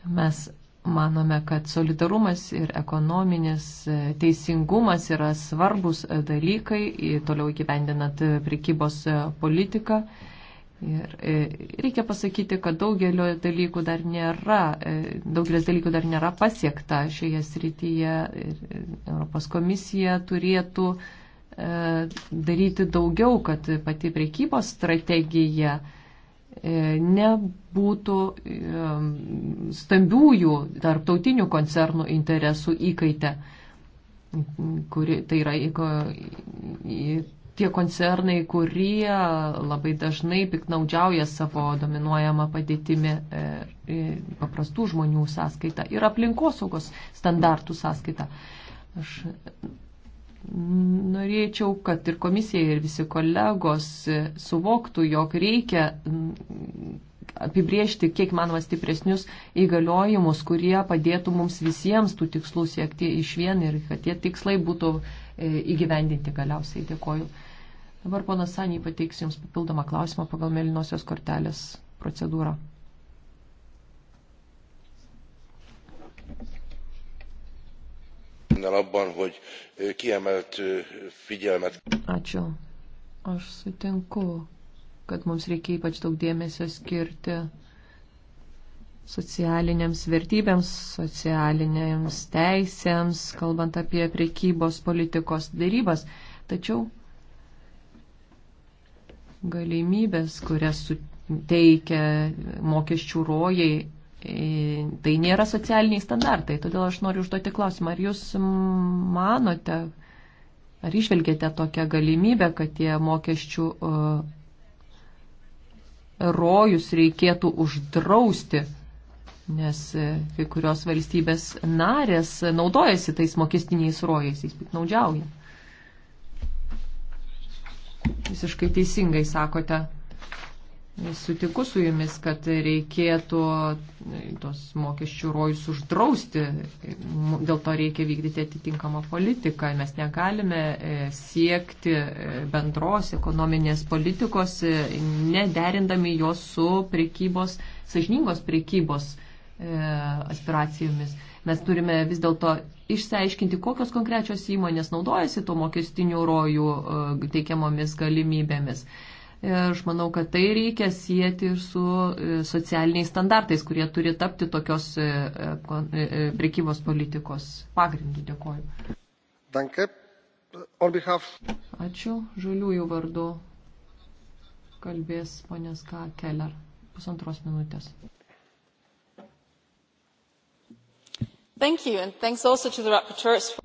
Mes Manome, kad solidarumas ir ekonominis e, teisingumas yra svarbus e, dalykai, toliau įgyvendinant e, prekybos politiką. Ir reikia pasakyti, kad daugelio dalykų dar nėra, daugelis dalykų dar nėra pasiekta šioje srityje. Europos komisija turėtų daryti daugiau, kad pati prekybos strategija E, nebūtų e, stambiųjų tarptautinių koncernų interesų įkaite, kuri, tai yra tie koncernai, kurie labai dažnai piknaudžiauja savo dominuojamą padėtimi e, paprastų žmonių sąskaitą ir aplinkosaugos standartų sąskaitą. Aš Norėčiau, kad ir komisija, ir visi kolegos suvoktų, jog reikia mm, apibriežti kiek manoma stipresnius įgaliojimus, kurie padėtų mums visiems tų tikslų siekti iš vien ir kad tie tikslai būtų e, įgyvendinti galiausiai. Dėkoju. Dabar ponas Sanį pateiks Jums papildomą klausimą pagal mėlynosios kortelės procedūrą. önnel abban, hogy kiemelt figyelmet. Ačiū. Aš sutinku, kad mums reikia ypač daug dėmesio skirti socialiniams vertybėms, socialiniams teisėms, kalbant apie priekybos politikos darybas. Tačiau galimybės, kurias suteikia mokesčių rojai, Tai nėra socialiniai standartai, todėl aš noriu užduoti klausimą, ar jūs manote, ar išvelgėte tokią galimybę, kad tie mokesčių e, rojus reikėtų uždrausti, nes e, kai kurios valstybės narės naudojasi tais mokestiniais rojais, jais piknaudžiauja. Visiškai teisingai sakote sutiku su jumis, kad reikėtų tos mokesčių rojus uždrausti, dėl to reikia vykdyti atitinkamą politiką. Mes negalime e, siekti e, bendros ekonominės politikos, e, nederindami jos su prekybos, sažningos prekybos aspiracijomis. Mes turime vis dėlto išsiaiškinti, kokios konkrečios įmonės naudojasi to mokestinių rojų teikiamomis galimybėmis. Ir aš manau, kad tai reikia sieti ir su e, socialiniais standartais, kurie turi tapti tokios e, e, prekybos politikos pagrindu. Dėkoju. Danke. Behalf... Ačiū. Žaliųjų vardu kalbės ponės K. Keller. Pusantros minutės. Thank you, and thanks also to the rapporteurs. For...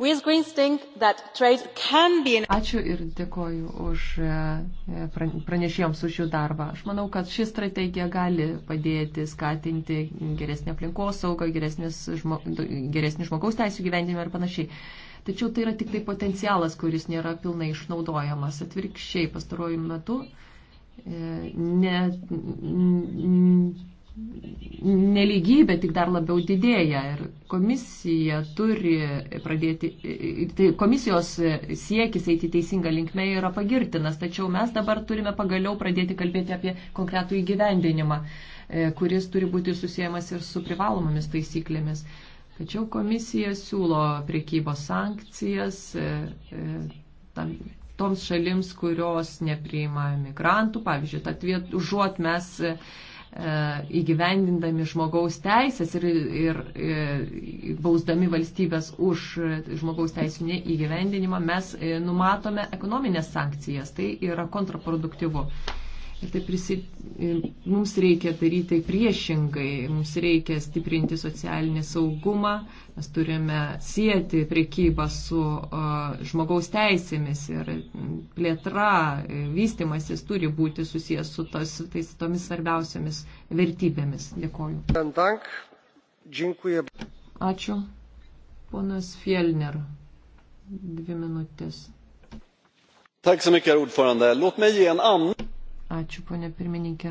Ačiū ir dėkoju už e, pranešėjams už jų darbą. Aš manau, kad ši strategija gali padėti skatinti geresnį aplinkos saugą, žmo, geresnį žmogaus teisų gyvendimą ir panašiai. Tačiau tai yra tik tai potencialas, kuris nėra pilnai išnaudojamas. Atvirkščiai pastaruoju metu e, ne. N, neligybė tik dar labiau didėja ir komisija turi pradėti, tai komisijos siekis eiti teisinga linkme yra pagirtinas, tačiau mes dabar turime pagaliau pradėti kalbėti apie konkretų įgyvendinimą, e, kuris turi būti susijęs ir su privalomomis taisyklėmis. Tačiau komisija siūlo priekybos sankcijas e, e, tam, toms šalims, kurios nepriima migrantų, pavyzdžiui, tad viet, užuot mes E, įgyvendindami žmogaus teisės ir, ir, ir e, bausdami valstybės už e, žmogaus teisų neįgyvendinimą, mes numatome ekonominės sankcijas. Tai yra kontraproduktyvu. Ir tai prisi, mums reikia daryti priešingai, mums reikia stiprinti socialinį saugumą, mes turime sieti priekybą su uh, žmogaus teisėmis ir plėtra, vystimasis turi būti susijęs su tos, tais, tomis svarbiausiamis vertybėmis. Dėkoju. Ačiū. Ponas Fjellner, dvi minutės. Tack så mycket, herr ordförande. Låt mig ge en annan... Ačiū, ponė pirmininkė.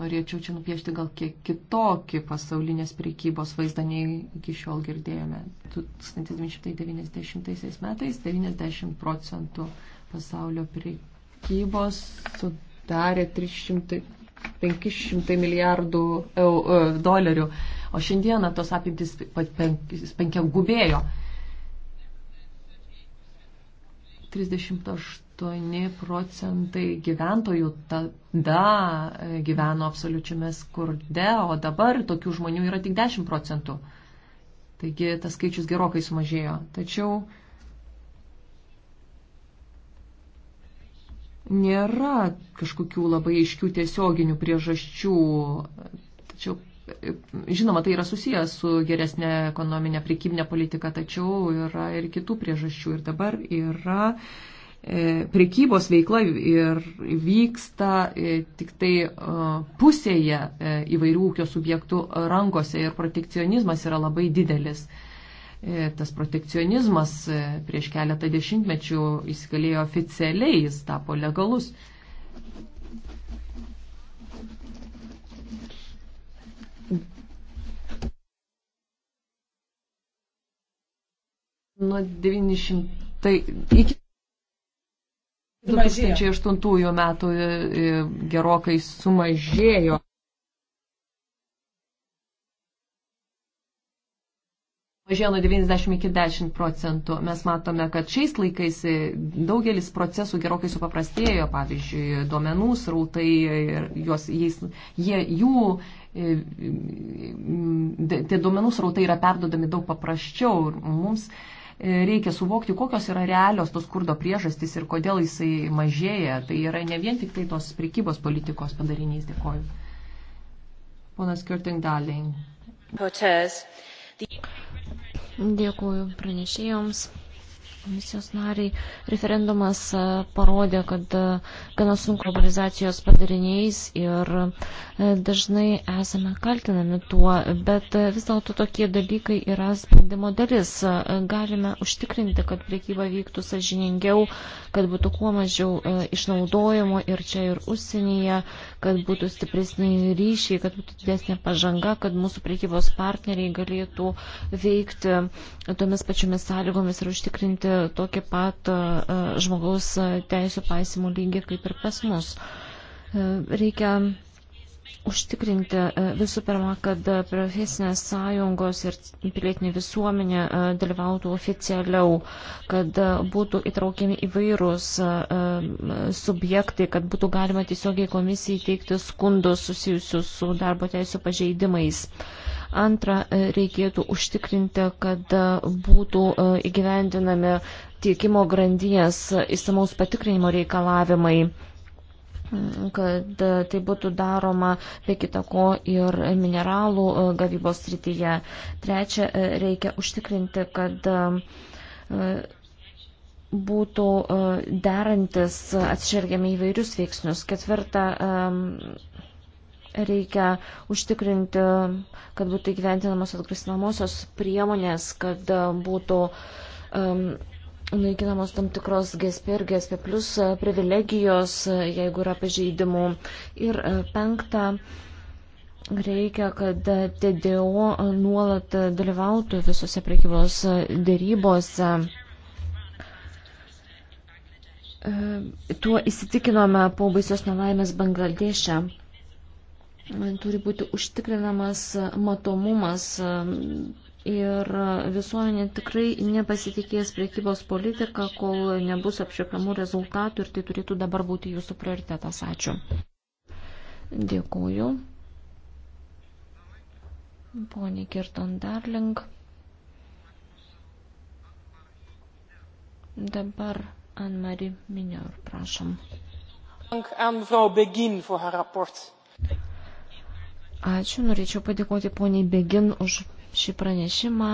Norėčiau čia nupiešti gal kiek kitokį pasaulinės prekybos vaizdą, nei iki šiol girdėjome. 1990 metais 90 procentų pasaulio prekybos sudarė 300, 500 milijardų eu, eu, dolerių, o šiandieną tos apimtis penkiagubėjo. Penk, 38 procentai gyventojų tada e, gyveno absoliučiame skurde, o dabar tokių žmonių yra tik 10 procentų. Taigi tas skaičius gerokai sumažėjo. Tačiau nėra kažkokių labai aiškių tiesioginių priežasčių. Tačiau žinoma, tai yra susijęs su geresnė ekonominė prikybinė politika, tačiau yra ir kitų priežasčių. Ir dabar yra e, prekybos veikla ir vyksta e, tik tai e, pusėje įvairių ūkio subjektų rankose ir protekcionizmas yra labai didelis. Tas protekcionizmas prieš keletą dešimtmečių įsigalėjo oficialiai, jis tapo legalus. nuo 900 iki 2008 metų e, e, gerokai sumažėjo. Mažėjo nuo 90 iki 10 procentų. Mes matome, kad šiais laikais e, daugelis procesų gerokai supaprastėjo, pavyzdžiui, duomenų srautai, juos, jais, jie, jų E, e, tie duomenų srautai yra perdodami daug paprasčiau ir mums e, reikia suvokti, kokios yra realios tos skurdo priežastys ir kodėl jisai mažėja. Tai yra ne vien tik tai tos prikybos politikos padarinys. Dėkoju. Ponas Kirting Darling. Dėkuoju pranešėjoms. Komisijos nariai, referendumas e, parodė, kad e, gana sunku globalizacijos padariniais ir e, dažnai esame kaltinami tuo, bet vis dėlto tokie dalykai yra sprendimo dalis. Galime užtikrinti, kad priekyba vyktų sažiningiau, kad būtų kuo mažiau išnaudojimo ir čia ir užsienyje, kad būtų stipresni ryšiai, kad būtų didesnė pažanga, kad mūsų priekybos partneriai galėtų veikti tomis pačiomis sąlygomis ir užtikrinti tokį pat e, žmogaus teisų paisimų lygį kaip ir pas mus. E, reikia užtikrinti e, visų pirma, kad profesinės sąjungos ir pilietinė visuomenė dalyvautų oficialiau, kad būtų įtraukiami įvairūs subjektai, kad būtų galima tiesiogiai komisijai teikti skundus susijusius su darbo teisų pažeidimais. Antra, e, reikėtų užtikrinti, kad e, būtų e, įgyvendinami tiekimo grandyjas įsamaus patikrinimo reikalavimai kad tai būtų daroma be kitako ir mineralų gavybos srityje. Trečia, reikia užtikrinti, kad būtų derantis atsižvelgiami įvairius veiksnius. Ketvirta, Reikia užtikrinti, kad būtų įgyventinamos atgrasinamosios priemonės, kad e, būtų um, naikinamos tam tikros GSP ir GSP plus e, privilegijos, e, jeigu yra pažeidimų. Ir penkta, reikia, kad TDO nuolat dalyvautų visose prekybos dėrybose. Tuo įsitikinome po baisios nelaimės Bangladešė. Turi būti užtikrinamas matomumas um, ir visuomenė tikrai nepasitikės priekybos politiką, kol nebus apčiopiamų rezultatų ir tai turėtų dabar būti jūsų prioritetas. Ačiū. Dėkuoju. Pone Kirton Darling. Dabar Anne-Marie Minor, prašom. Dank aan mevrouw Begin voor haar rapport. Ačiū, norėčiau padėkoti poniai Begin už šį pranešimą.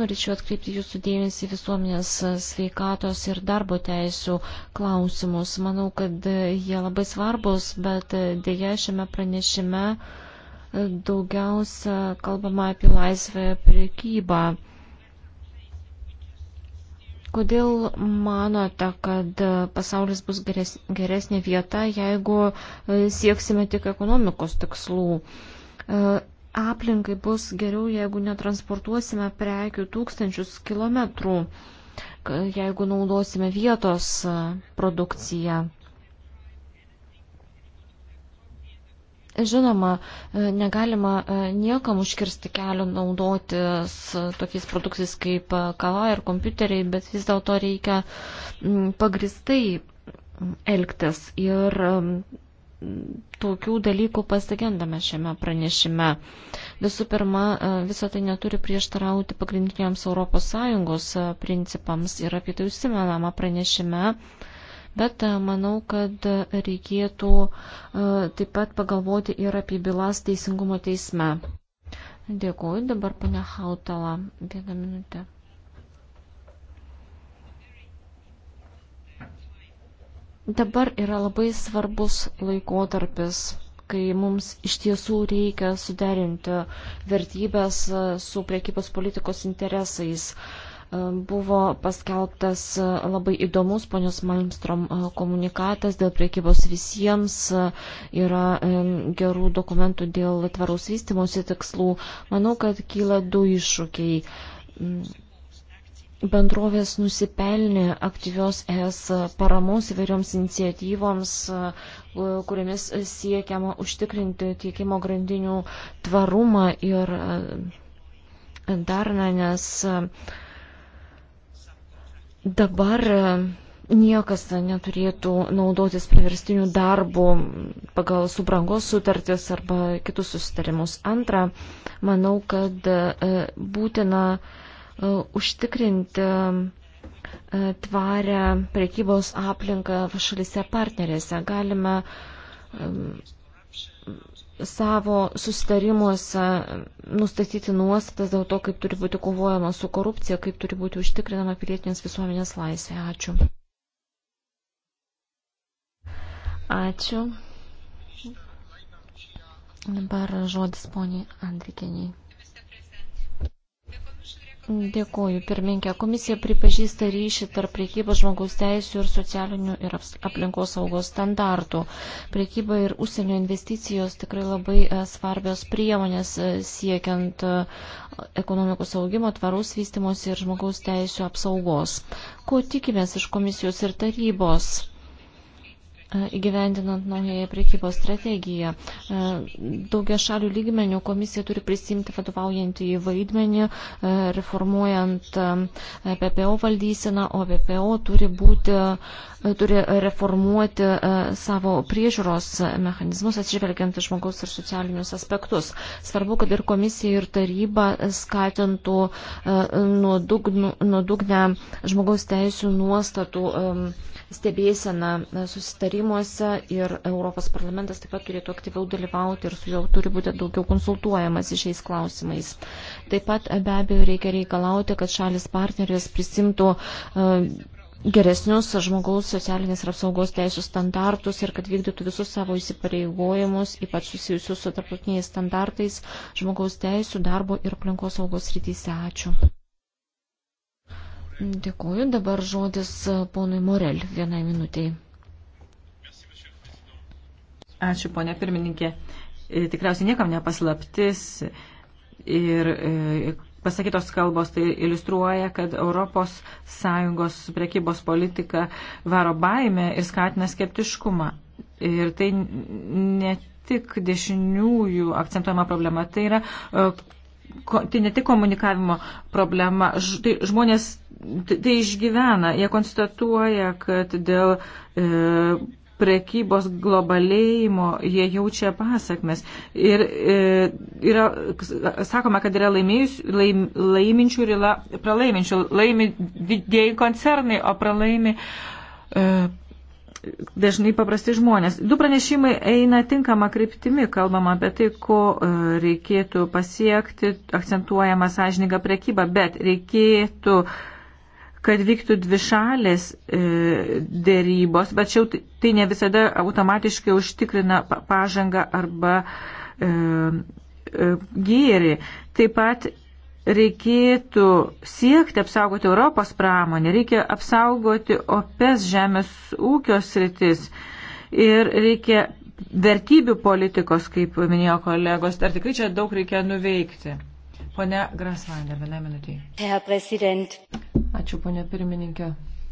Norėčiau atkreipti jūsų dėmesį visuomenės sveikatos ir darbo teisų klausimus. Manau, kad jie labai svarbus, bet dėja šiame pranešime daugiausia kalbama apie laisvę priekybą. Kodėl manote, kad pasaulis bus geres, geresnė vieta, jeigu e, sieksime tik ekonomikos tikslų? E, aplinkai bus geriau, jeigu netransportuosime prekių tūkstančius kilometrų, jeigu naudosime vietos e, produkciją. Žinoma, e, negalima e, niekam užkirsti kelių naudotis e, tokiais produktais kaip kava ir kompiuteriai, bet vis dėlto reikia pagristai elgtis ir tokių dalykų pasigendame šiame pranešime. Visų pirma, visą tai neturi prieštarauti pagrindiniams ES principams ir apie tai užsimenama pranešime Bet e, manau, kad reikėtų e, taip pat pagalvoti ir apie bylas teisingumo teisme. Dėkuoju, dabar pane Hautala, vieną minutę. Dabar yra labai svarbus laikotarpis, kai mums iš tiesų reikia suderinti vertybės e, su priekybos politikos interesais. Uh, E, buvo paskelbtas e, labai įdomus ponios Malmstrom e, komunikatas dėl priekybos visiems, yra gerų dokumentų dėl tvaraus vystimosi tikslų. Manau, kad kyla du iššūkiai. Mm, bendrovės nusipelnė aktyvios ES paramos įvairioms iniciatyvoms, kuriamis siekiama užtikrinti tiekimo grandinių tvarumą ir darną, nes uh, dabar e, niekas neturėtų naudotis priverstiniu darbu pagal subrangos sutartis arba kitus susitarimus. Antra, manau, kad e, būtina e, užtikrinti tvarę prekybos aplinką šalise partnerėse. Galime savo sustarimuose nustatyti nuostatas dėl to, kaip turi būti kovojama su korupcija, kaip turi būti užtikrinama pilietinės visuomenės laisvė. Ačiū. Ačiū. Dabar žodis poniai Andrikeniai. Dėkuoju, pirminkė. Komisija pripažįsta ryšį tarp priekybos žmogaus teisų ir socialinių ir aplinkos saugos standartų. Priekyba ir užsienio investicijos tikrai labai e, svarbios priemonės e, siekiant e, ekonomikos augimo, tvaraus vystimosi ir žmogaus teisų apsaugos. Ko tikimės iš komisijos ir tarybos? E, įgyvendinant naująją priekybos strategiją. E, daugia šalių lygmenių komisija turi prisimti vadovaujantį vaidmenį, e, reformuojant PPO valdyseną, o PPO turi, būti, turi reformuoti savo priežiūros mechanizmus, atsižvelgiant į žmogaus ir socialinius aspektus. Svarbu, kad ir komisija, ir taryba skatintų nuodugnę žmogaus teisų nuostatų stebėseną susitarimuose ir Europos parlamentas taip pat turėtų aktyviau dalyvauti ir su juo turi būti daugiau konsultuojamas šiais klausimais. Taip pat e, be abejo reikia reikalauti, kad šalis partneris prisimtų e, geresnius žmogaus socialinės ir apsaugos teisų standartus ir kad vykdytų visus savo įsipareigojimus, ypač susijusius su tarptautiniais standartais žmogaus teisų, darbo ir aplinkos saugos rytyse. Ačiū. Dėkuoju. Dabar žodis e, ponui Morel vienai minutiai. Ačiū, ponė pirmininkė. E, tikriausiai niekam nepaslaptis ir e, pasakytos kalbos tai iliustruoja, kad ES prekybos politika varo baimę ir skatina skeptiškumą. Ir tai ne tik dešiniųjų akcentuojama problema, tai yra tai ne tik komunikavimo problema. Tai žmonės Tai, tai išgyvena. Jie konstatuoja, kad dėl e, prekybos globalėjimo jie jaučia pasakmes. Ir e, yra, sakoma, kad yra laimėjus, laim, laiminčių ir la, pralaiminčių. Laimi didėjai koncernai, o pralaimi. E, dažnai paprasti žmonės. Du pranešimai eina tinkama kryptimi, kalbama apie tai, ko e, reikėtų pasiekti, akcentuojama sąžininga prekyba, bet reikėtų uh, kad vyktų dvišalės e, dėrybos, bet šiau tai, tai ne visada automatiškai užtikrina pažangą arba e, e, gėrį. Taip pat reikėtų siekti apsaugoti Europos pramonę, reikia apsaugoti opes žemės ūkio sritis ir reikia vertybių politikos, kaip minėjo kolegos, ar tikrai čia daug reikia nuveikti. Pone Grasvander, vieną minutį. Ačiū, ponė pirmininkė.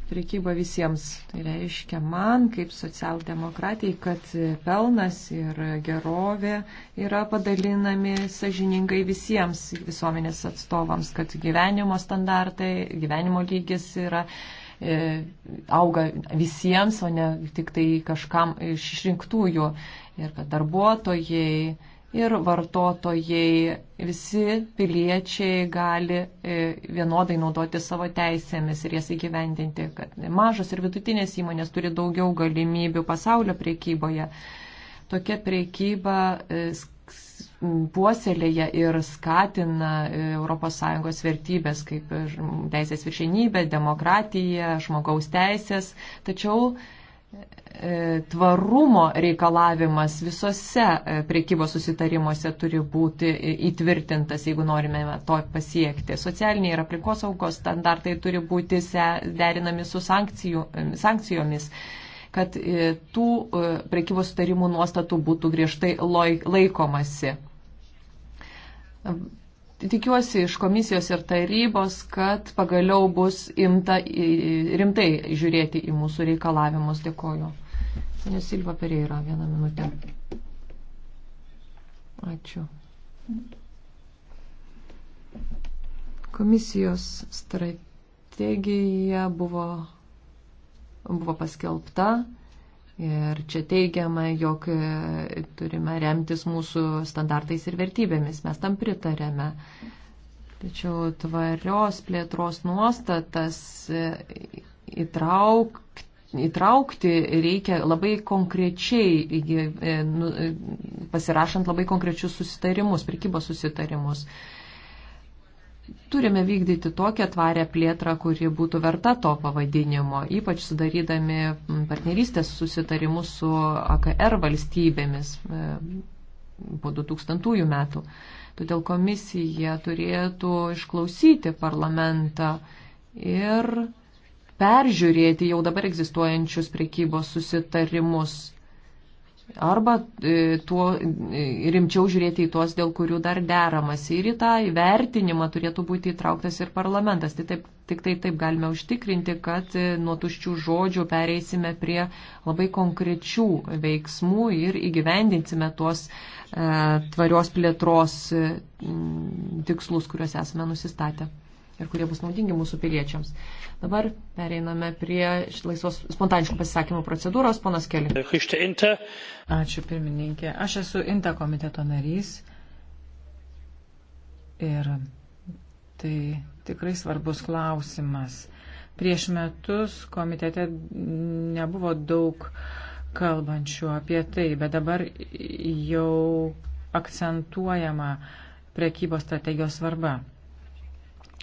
Prekyba visiems. Tai reiškia man, kaip socialdemokratijai, kad pelnas ir gerovė yra padalinami sažiningai visiems visuomenės atstovams, kad gyvenimo standartai, gyvenimo lygis yra e, auga visiems, o ne tik tai kažkam iš išrinktųjų. Ir kad darbuotojai ir vartotojai, visi piliečiai gali e, vienodai naudoti savo teisėmis ir jas įgyvendinti, kad mažos ir vidutinės įmonės turi daugiau galimybių pasaulio priekyboje. Tokia priekyba e, puoselėja ir skatina e, ES vertybės kaip teisės viršenybė, demokratija, žmogaus teisės, tačiau E, tvarumo reikalavimas visose e, priekybos susitarimuose turi būti įtvirtintas, jeigu norime to pasiekti. Socialiniai ir aplinkosaugos standartai turi būti derinami su sankcijų, sankcijomis kad e, tų priekybos sutarimų nuostatų būtų griežtai laikomasi. Tikiuosi iš komisijos ir tarybos, kad pagaliau bus imta rimtai žiūrėti į mūsų reikalavimus. Dėkoju. Pane Silva Pereira, vieną minutę. Ačiū. Komisijos strategija buvo, buvo paskelbta ir čia teigiama, jog e, turime remtis mūsų standartais ir vertybėmis. Mes tam pritarėme. Tačiau tvarios plėtros nuostatas e, įtraukti įtraukti reikia labai konkrečiai, e, nu, e, pasirašant labai konkrečius susitarimus, prekybos susitarimus. Turime vykdyti tokią tvarę plėtrą, kuri būtų verta to pavadinimo, ypač sudarydami partnerystės susitarimus su AKR valstybėmis e, po 2000 metų. Todėl komisija turėtų išklausyti parlamentą ir peržiūrėti jau dabar egzistuojančius priekybos susitarimus arba e, tuo e, rimčiau žiūrėti į tuos, dėl kurių dar deramasi. Ir į tą įvertinimą turėtų būti įtrauktas ir parlamentas. Tai taip, tik tai taip galime užtikrinti, kad e, nuo tuščių žodžių pereisime prie labai konkrečių veiksmų ir įgyvendinsime tuos e, tvarios plėtros e, tikslus, kuriuos esame nusistatę ir kurie bus naudingi mūsų piliečiams. Dabar pereiname prie laisvos spontaniškų pasisakymų procedūros. Ponas Keli. Ačiū pirmininkė. Aš esu INTA komiteto narys ir tai tikrai svarbus klausimas. Prieš metus komitete nebuvo daug kalbančių apie tai, bet dabar jau akcentuojama prekybos strategijos svarba.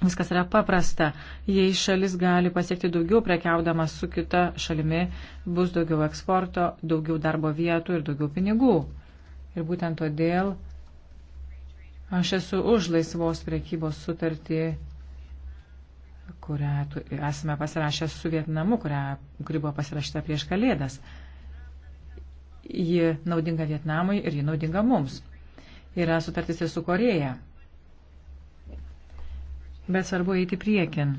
Viskas yra paprasta. Jei šalis gali pasiekti daugiau prekiaudamas su kita šalimi, bus daugiau eksporto, daugiau darbo vietų ir daugiau pinigų. Ir būtent todėl aš esu už laisvos prekybos sutartį, kurią esame pasirašę su Vietnamu, kurią, kuri buvo pasirašyta prieš Kalėdas. Ji naudinga Vietnamui ir ji naudinga mums. Yra sutartis ir su Koreja bet svarbu eiti priekin.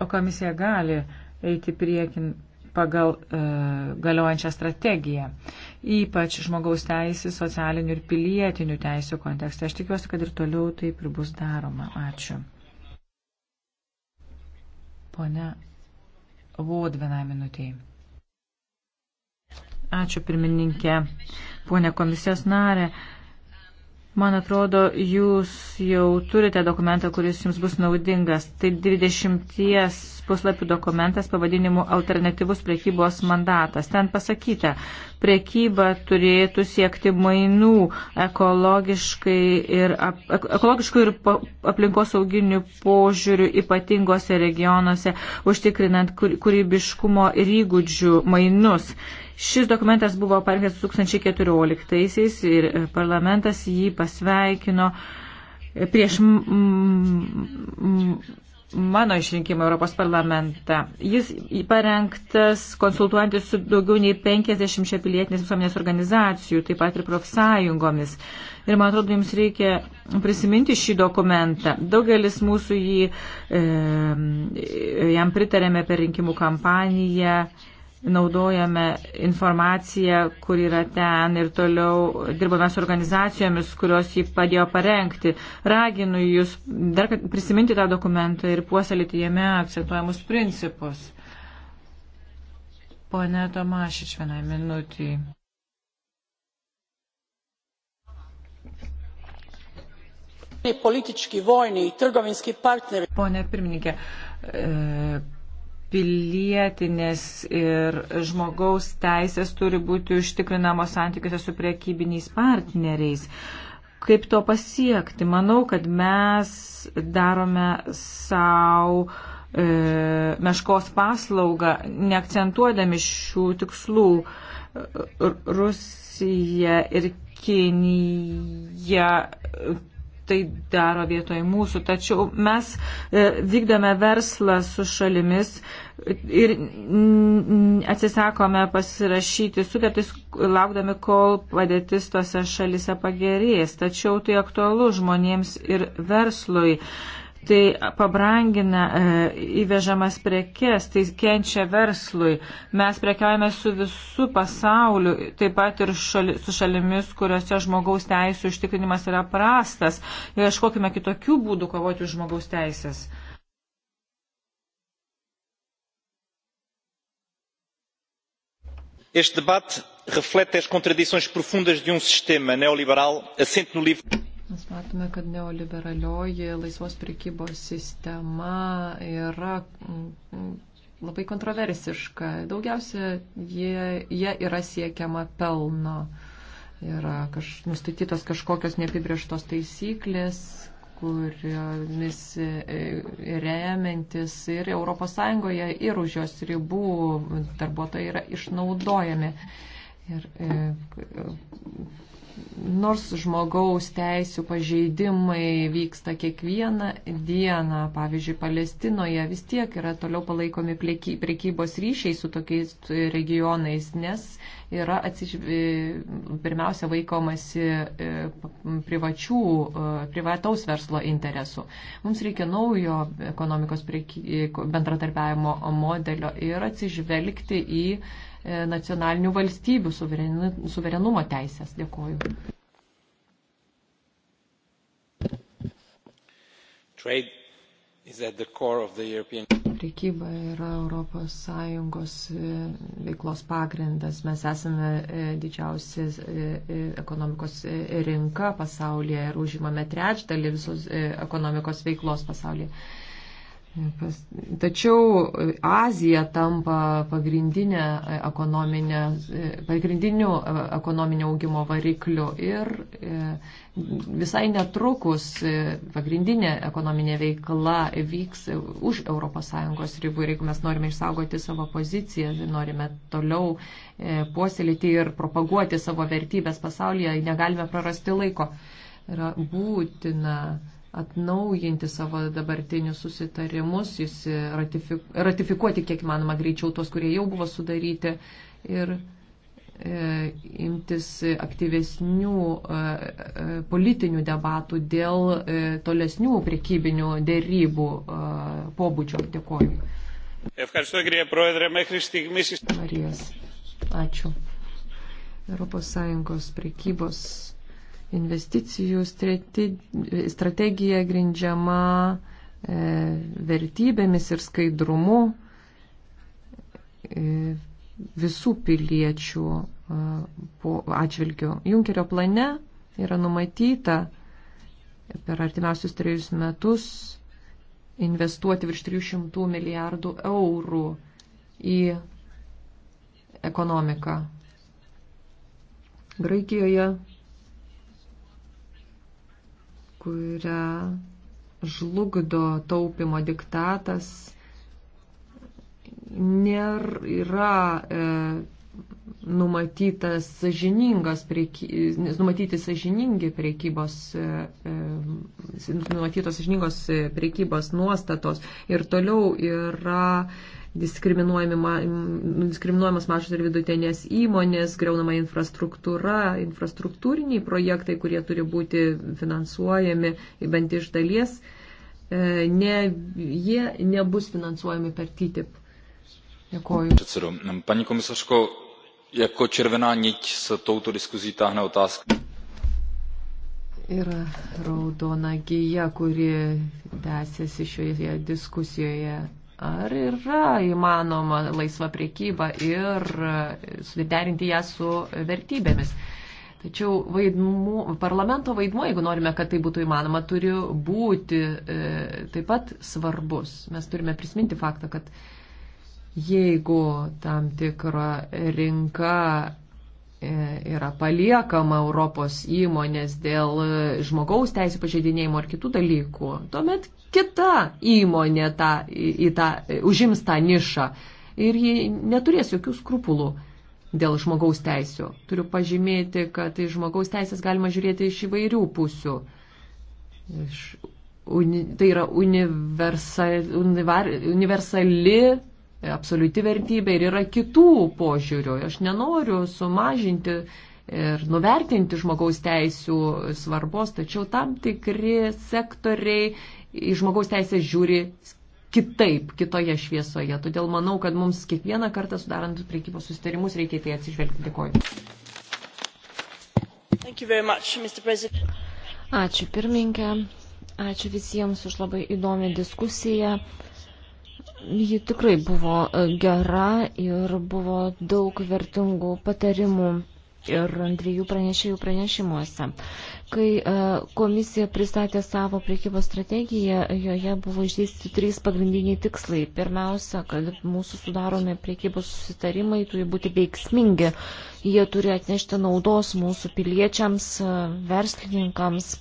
O komisija gali eiti priekin pagal e, galiojančią strategiją, ypač žmogaus teisų, socialinių ir pilietinių teisų kontekste. Aš tikiuosi, kad ir toliau taip ir bus daroma. Ačiū. Pone Vod vienai minutėjai. Ačiū pirmininkė, ponė komisijos narė. E, Man atrodo, jūs jau turite dokumentą, kuris jums bus naudingas. Tai 20 puslapių dokumentas pavadinimu Alternatyvus priekybos mandatas. Ten pasakyta, priekyba turėtų siekti mainų ekologiškai ir, ekologiškai ir aplinkosauginių požiūrių ypatingose regionuose, užtikrinant kūrybiškumo ir įgūdžių mainus. Šis dokumentas buvo parengtas 2014-aisiais ir parlamentas jį pasveikino prieš mano išrinkimą Europos parlamentą. Jis parengtas konsultuojantis su daugiau nei 50 pilietinės visuomenės organizacijų, taip pat ir profsąjungomis. Ir man atrodo, jums reikia prisiminti šį dokumentą. Daugelis mūsų jį, e, jam pritarėme per rinkimų kampaniją. E, naudojame informaciją, kur yra ten ir toliau dirbame su organizacijomis, kurios jį padėjo parengti. Raginu jūs dar prisiminti tą dokumentą ir puoselėti jame akcentuojamus principus. Pone Tomašič, vienai minutį. Pone pirmininkė, e pilietinės ir žmogaus teisės turi būti užtikrinamos santykiuose su priekybiniais partneriais. Kaip to pasiekti? Manau, kad mes darome savo e, meškos paslaugą, neakcentuodami šių tikslų. Rusija ir Kinija tai daro vietoj mūsų. Tačiau mes e, vykdome verslą su šalimis ir atsisakome pasirašyti sutartis, laukdami, kol padėtis tose šalise pagerės. Tačiau tai aktualu žmonėms ir verslui tai pabrangina e, įvežamas prekes, tai kenčia verslui. Mes prekiaujame su visu pasauliu, taip pat ir šali, su šalimis, kuriuose žmogaus teisų užtikrinimas yra prastas. Ieškokime kitokių būdų kovoti už žmogaus teisės. Este debate reflete as contradições profundas de um sistema neoliberal assente no livre. Mes matome, kad neoliberalioji laisvos prekybos sistema yra mm, mm, labai kontroversiška. Daugiausia jie, jie yra siekiama pelno. Yra kaž, nustatytos kažkokios neapibrieštos taisyklės, kuriomis e, remiantis ir ES, ir už jos ribų darbuotojai yra išnaudojami. Ir, ir, e, nors žmogaus teisų pažeidimai vyksta kiekvieną dieną, pavyzdžiui, Palestinoje vis tiek yra toliau palaikomi priekybos ryšiai su tokiais regionais, nes yra atsiž... pirmiausia vaikomasi e, privačių, e, privataus verslo interesų. Mums reikia naujo ekonomikos prieky... bendratarpiavimo modelio ir atsižvelgti į E, nacionalinių valstybių suverenumo teisės. Dėkoju. European... Prekyba yra ES e, veiklos pagrindas. Mes esame e, didžiausia ekonomikos rinka pasaulyje ir užimame trečdalį visos ekonomikos veiklos pasaulyje. Tačiau Azija tampa pagrindiniu e, ekonominio augimo varikliu ir e, visai netrukus e, pagrindinė ekonominė veikla vyks už ES ribų ir jeigu mes norime išsaugoti savo poziciją, norime toliau puoselėti ir propaguoti savo vertybės pasaulyje, negalime prarasti laiko. Yra būtina atnaujinti savo dabartinius susitarimus, jis ratifikuoti, ratifikuoti kiek manoma greičiau tos, kurie jau buvo sudaryti ir e, imtis aktyvesnių e, e politinių debatų dėl e, tolesnių priekybinių dėrybų e, pobūdžio. Dėkoju. Marijos. Ačiū. Europos Sąjungos priekybos investicijų strategija grindžiama e, vertybėmis ir skaidrumu e, visų piliečių e, atžvilgių. Junkerio plane yra numatyta per artimiausius trejus metus investuoti virš 300 milijardų eurų į ekonomiką. Graikijoje kurią žlugdo taupimo diktatas, nėra e, numatytas sažiningas prieky, numatyti sažiningi priekybos, e, e numatytos sažiningos priekybos nuostatos ir toliau yra diskriminuojamas mažos ir vidutinės įmonės, greunama infrastruktūra, infrastruktūriniai projektai, kurie turi būti finansuojami bent iš dalies, e, ne, jie nebus finansuojami per TTIP. Dėkoju. Pani komisarko, jako červená niť se touto diskuzí táhne otázka. Yra raudona gija, kuri tęsiasi šioje diskusijoje Ar yra įmanoma laisva priekyba ir e, suderinti ją su vertybėmis? Tačiau vaidmų, parlamento vaidmuo, jeigu norime, kad tai būtų įmanoma, turi būti e, taip pat svarbus. Mes turime prisiminti faktą, kad jeigu tam tikra rinka E, yra paliekama Europos įmonės dėl e, žmogaus teisų pažeidinėjimo ar kitų dalykų, tuomet kita įmonė tą, į tą, e, užims tą nišą ir ji neturės jokių skrupulų dėl žmogaus teisų. Turiu pažymėti, kad į žmogaus teisės galima žiūrėti iš įvairių pusių. Iš uni, tai yra universal, univar, universali absoliuti vertybė ir yra kitų požiūrių. Aš nenoriu sumažinti ir nuvertinti žmogaus teisų svarbos, tačiau tam tikri sektoriai į žmogaus teisę žiūri kitaip, kitoje šviesoje. Todėl manau, kad mums kiekvieną kartą sudarant priekybos sustarimus reikia tai atsižvelgti. Dėkoju. Much, ačiū pirmininkė, ačiū visiems už labai įdomią diskusiją. Ji tikrai buvo e, gera ir buvo daug vertingų patarimų ir dviejų pranešėjų pranešimuose. Kai e, komisija pristatė savo priekybos strategiją, joje buvo išdėstyti trys pagrindiniai tikslai. Pirmiausia, kad mūsų sudaromi priekybos susitarimai turi būti veiksmingi. Jie turi atnešti naudos mūsų piliečiams, e, verslininkams.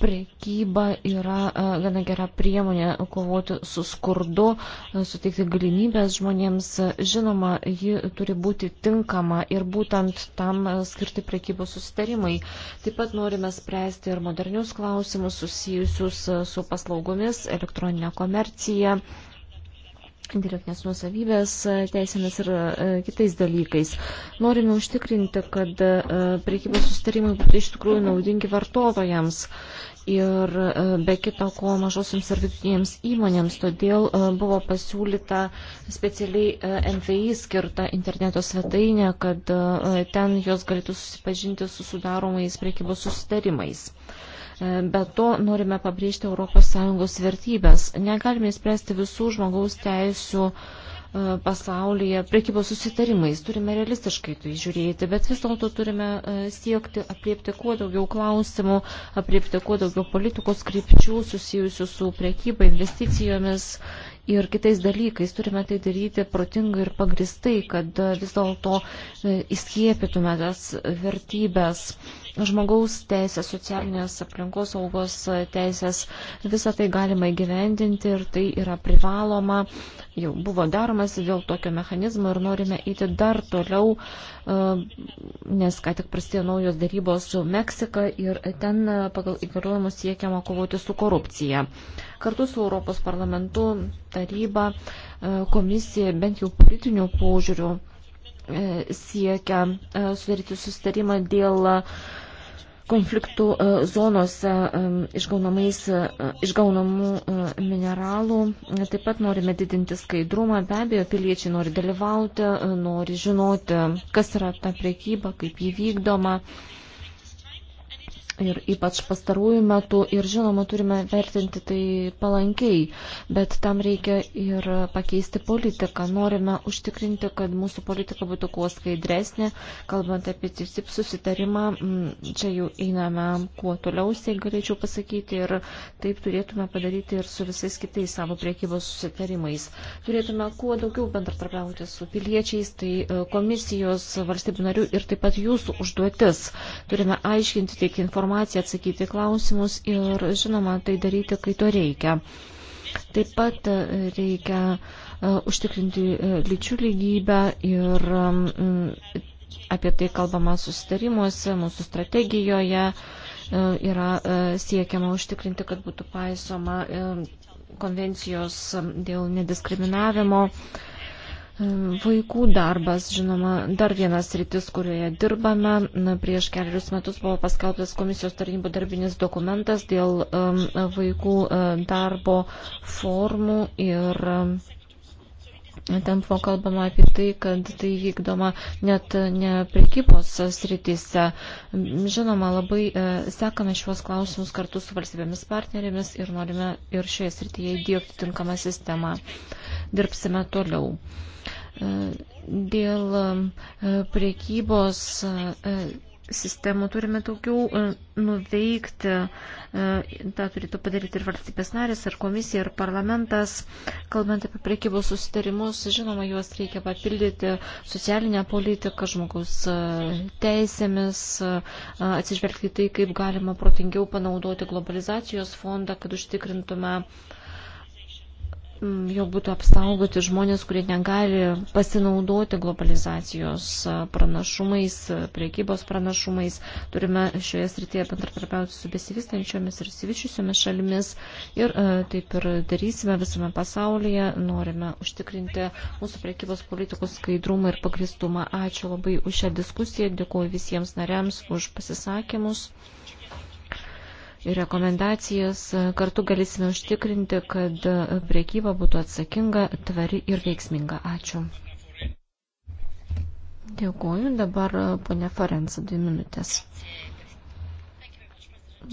Prekyba yra e, gana gera priemonė kovoti su skurdu, e, suteikti galimybės žmonėms. Žinoma, ji turi būti tinkama ir būtent tam e, skirti prekybos susitarimai. Taip pat norime spręsti ir modernius klausimus susijusius su paslaugomis, elektroninė komercija intelektinės nuosavybės teisėmis ir e, kitais dalykais. Norime užtikrinti, kad e, priekybos sustarimai būtų iš tikrųjų naudingi vartotojams ir e, be kita ko mažosiams ir vidutinėms įmonėms. Todėl buvo pasiūlyta specialiai NVI skirta interneto svetainė, kad ten jos galėtų susipažinti su sudaromais priekybos sustarimais. E, be to norime pabrėžti ES vertybės. Negalime įspręsti visų žmogaus teisų e, pasaulyje priekybos susitarimais. Turime realistiškai tai žiūrėti, bet vis dėlto turime e, siekti apriepti kuo daugiau klausimų, apriepti kuo daugiau politikos krypčių susijusių su priekyba, investicijomis ir kitais dalykais. Turime tai daryti protingai ir pagristai, kad vis dėlto įskiepytume tas vertybės žmogaus teisės, socialinės aplinkos saugos teisės, visą tai galima įgyvendinti ir tai yra privaloma. Jau buvo daromas dėl tokio mechanizmo ir norime įti dar toliau, e, nes ką tik prasidėjo naujos darybos su Meksika ir ten e, pagal įgaliojimus siekiama kovoti su korupcija. Kartu su Europos parlamentu, taryba, e, komisija bent jau politinių požiūrių siekia sudaryti sustarimą dėl uh, konfliktų e, zonose e, e, išgaunamų mineralų. Taip pat norime didinti skaidrumą. Be abejo, piliečiai nori dalyvauti, nori žinoti, kas yra ta priekyba, kaip jį vykdoma ir ypač pastarųjų metų, ir žinoma, turime vertinti tai palankiai, bet tam reikia ir pakeisti politiką. Norime užtikrinti, kad mūsų politika būtų kuo skaidresnė, kalbant apie TISIP susitarimą, mm, čia jau einame kuo toliausiai, galėčiau pasakyti, ir taip turėtume padaryti ir su visais kitais savo priekybos susitarimais. Turėtume kuo daugiau bendratarpiauti su piliečiais, tai e, komisijos, valstybių narių ir taip pat jūsų užduotis. Turime aiškinti tiek informaciją informaciją, atsakyti klausimus ir, žinoma, tai daryti, kai to reikia. Taip pat e, reikia e, užtikrinti e, lyčių lygybę ir apie tai kalbama susitarimuose, mūsų strategijoje yra siekiama užtikrinti, kad būtų paisoma konvencijos dėl nediskriminavimo. Vaikų darbas, žinoma, dar vienas rytis, kurioje dirbame. Na, prieš kelius metus buvo paskelbtas komisijos tarnybų darbinis dokumentas dėl um, vaikų uh, darbo formų ir um, ten buvo kalbama apie tai, kad tai vykdoma net ne prekybos srityse. Žinoma, labai e, sekame šiuos klausimus kartu su valstybėmis partnerėmis ir norime ir šioje srityje įdėkti tinkamą sistemą. Uh, dirbsime toliau. Dėl e, priekybos e, sistemų turime daugiau e, nuveikti. Ta turėtų padaryti ir valstybės narės, ir komisija, ir parlamentas. Kalbant apie priekybos susitarimus, žinoma, juos reikia papildyti socialinę politiką, žmogaus teisėmis, atsižvelgti tai, kaip galima protingiau panaudoti globalizacijos fondą, kad užtikrintume Mm, jau būtų apsaugoti žmonės, kurie negali pasinaudoti globalizacijos pranašumais, priekybos pranašumais. Turime šioje srityje bendratarpiauti su besivystančiomis ir sivyčiusiomis šalimis ir taip ir darysime visame pasaulyje. Norime užtikrinti mūsų priekybos politikos skaidrumą ir pagristumą. Ačiū labai už šią diskusiją, dėkuoju visiems nariams už pasisakymus rekomendacijas, kartu galėsime užtikrinti, kad priekyba būtų atsakinga, tvari ir veiksminga. Ačiū. Dėkuoju. Dabar ponia Forensa, dvi minutės.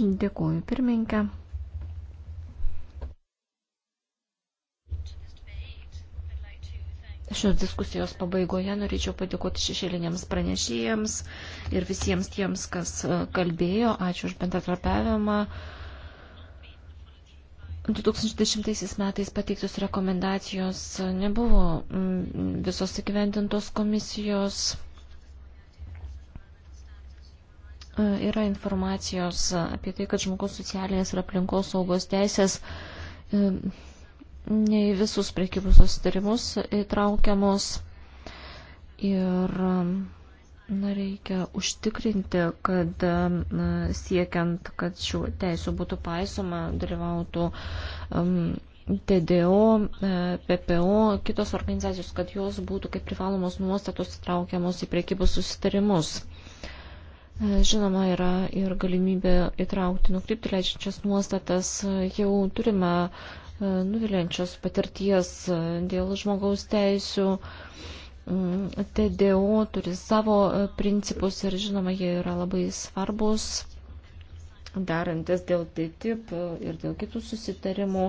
Dėkuoju, pirmininkė. Šios diskusijos pabaigoje norėčiau padėkoti šešėliniams pranešėjams ir visiems tiems, kas e, kalbėjo. Ačiū už bendratarpiavimą. 2010 metais pateiktos rekomendacijos e, nebuvo mm, visos įgyvendintos komisijos. E, yra informacijos apie tai, kad žmogaus socialinės ir aplinkos saugos teisės ne į visus priekybos susitarimus įtraukiamos. Ir um, na, reikia užtikrinti, kad na, um, siekiant, kad šių teisų būtų paisoma, dalyvautų um, TDO, e, PPO, kitos organizacijos, kad jos būtų kaip privalomos nuostatos įtraukiamos į priekybos susitarimus. E, žinoma, yra ir galimybė įtraukti nukrypti leidžiančias nuostatas. E, jau turime E, nuviliančios patirties e, dėl žmogaus teisių. Mm, TDO turi savo e, principus ir žinoma, jie yra labai svarbus darantis dėl TTIP ir dėl kitų susitarimų,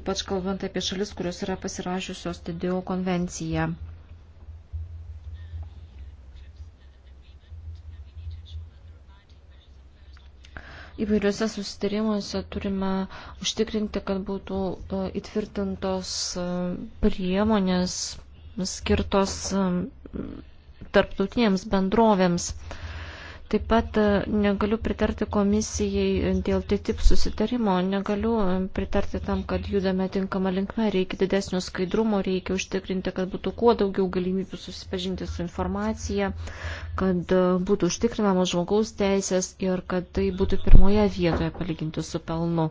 ypač kalbant apie šalis, kurios yra pasirašiusios TDO konvenciją. įvairiuose sustarimuose turime užtikrinti, kad būtų e, įtvirtintos e, priemonės skirtos tarptautinėms bendrovėms. Taip pat e, negaliu pritarti komisijai dėl TTIP susitarimo, negaliu e, pritarti tam, kad judame tinkamą linkmę, reikia didesnio skaidrumo, reikia užtikrinti, kad būtų kuo daugiau galimybių susipažinti su informacija, kad e, būtų užtikrinamos žmogaus teisės ir kad tai būtų pirmoje vietoje palyginti su pelnu.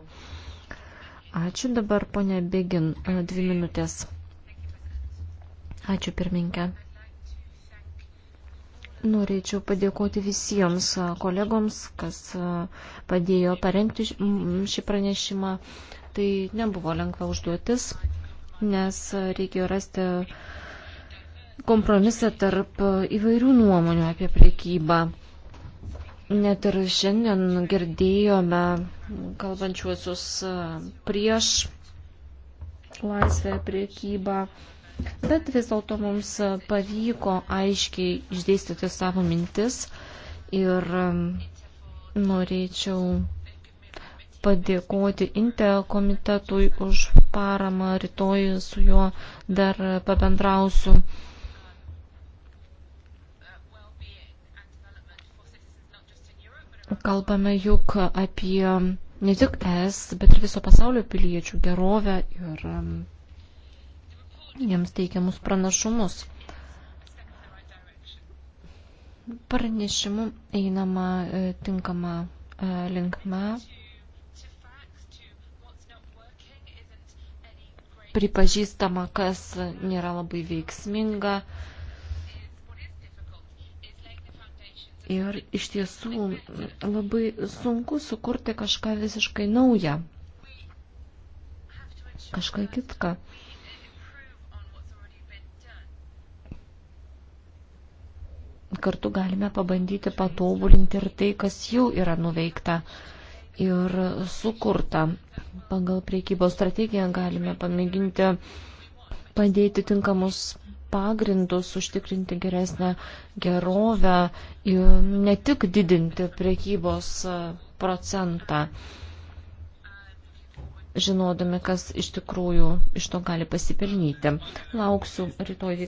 Ačiū dabar, ponė Begin, dvi minutės. Ačiū pirminkė. Norėčiau padėkoti visiems kolegoms, kas padėjo parengti šį pranešimą. Tai nebuvo lengva užduotis, nes reikėjo rasti kompromisą tarp įvairių nuomonių apie priekybą. Net ir šiandien girdėjome kalbančiuosius prieš laisvę priekybą bet vis dėlto mums pavyko aiškiai išdėstyti savo mintis ir um, norėčiau padėkoti Inte komitetui už paramą, rytoj su juo dar pabendrausiu. Kalbame juk apie ne tik es, bet ir viso pasaulio piliečių gerovę ir um, jiems teikiamus pranašumus. Pranešimu einama e, tinkama e, linkme. Pripažįstama, kas nėra labai veiksminga. Ir iš tiesų labai sunku sukurti kažką visiškai naują, kažką kitką. kartu galime pabandyti patobulinti ir tai, kas jau yra nuveikta ir sukurta. Pagal priekybos strategiją galime pamėginti padėti tinkamus pagrindus, užtikrinti geresnę gerovę ir ne tik didinti priekybos procentą, žinodami, kas iš tikrųjų iš to gali pasipelnyti. Lauksiu rytoj.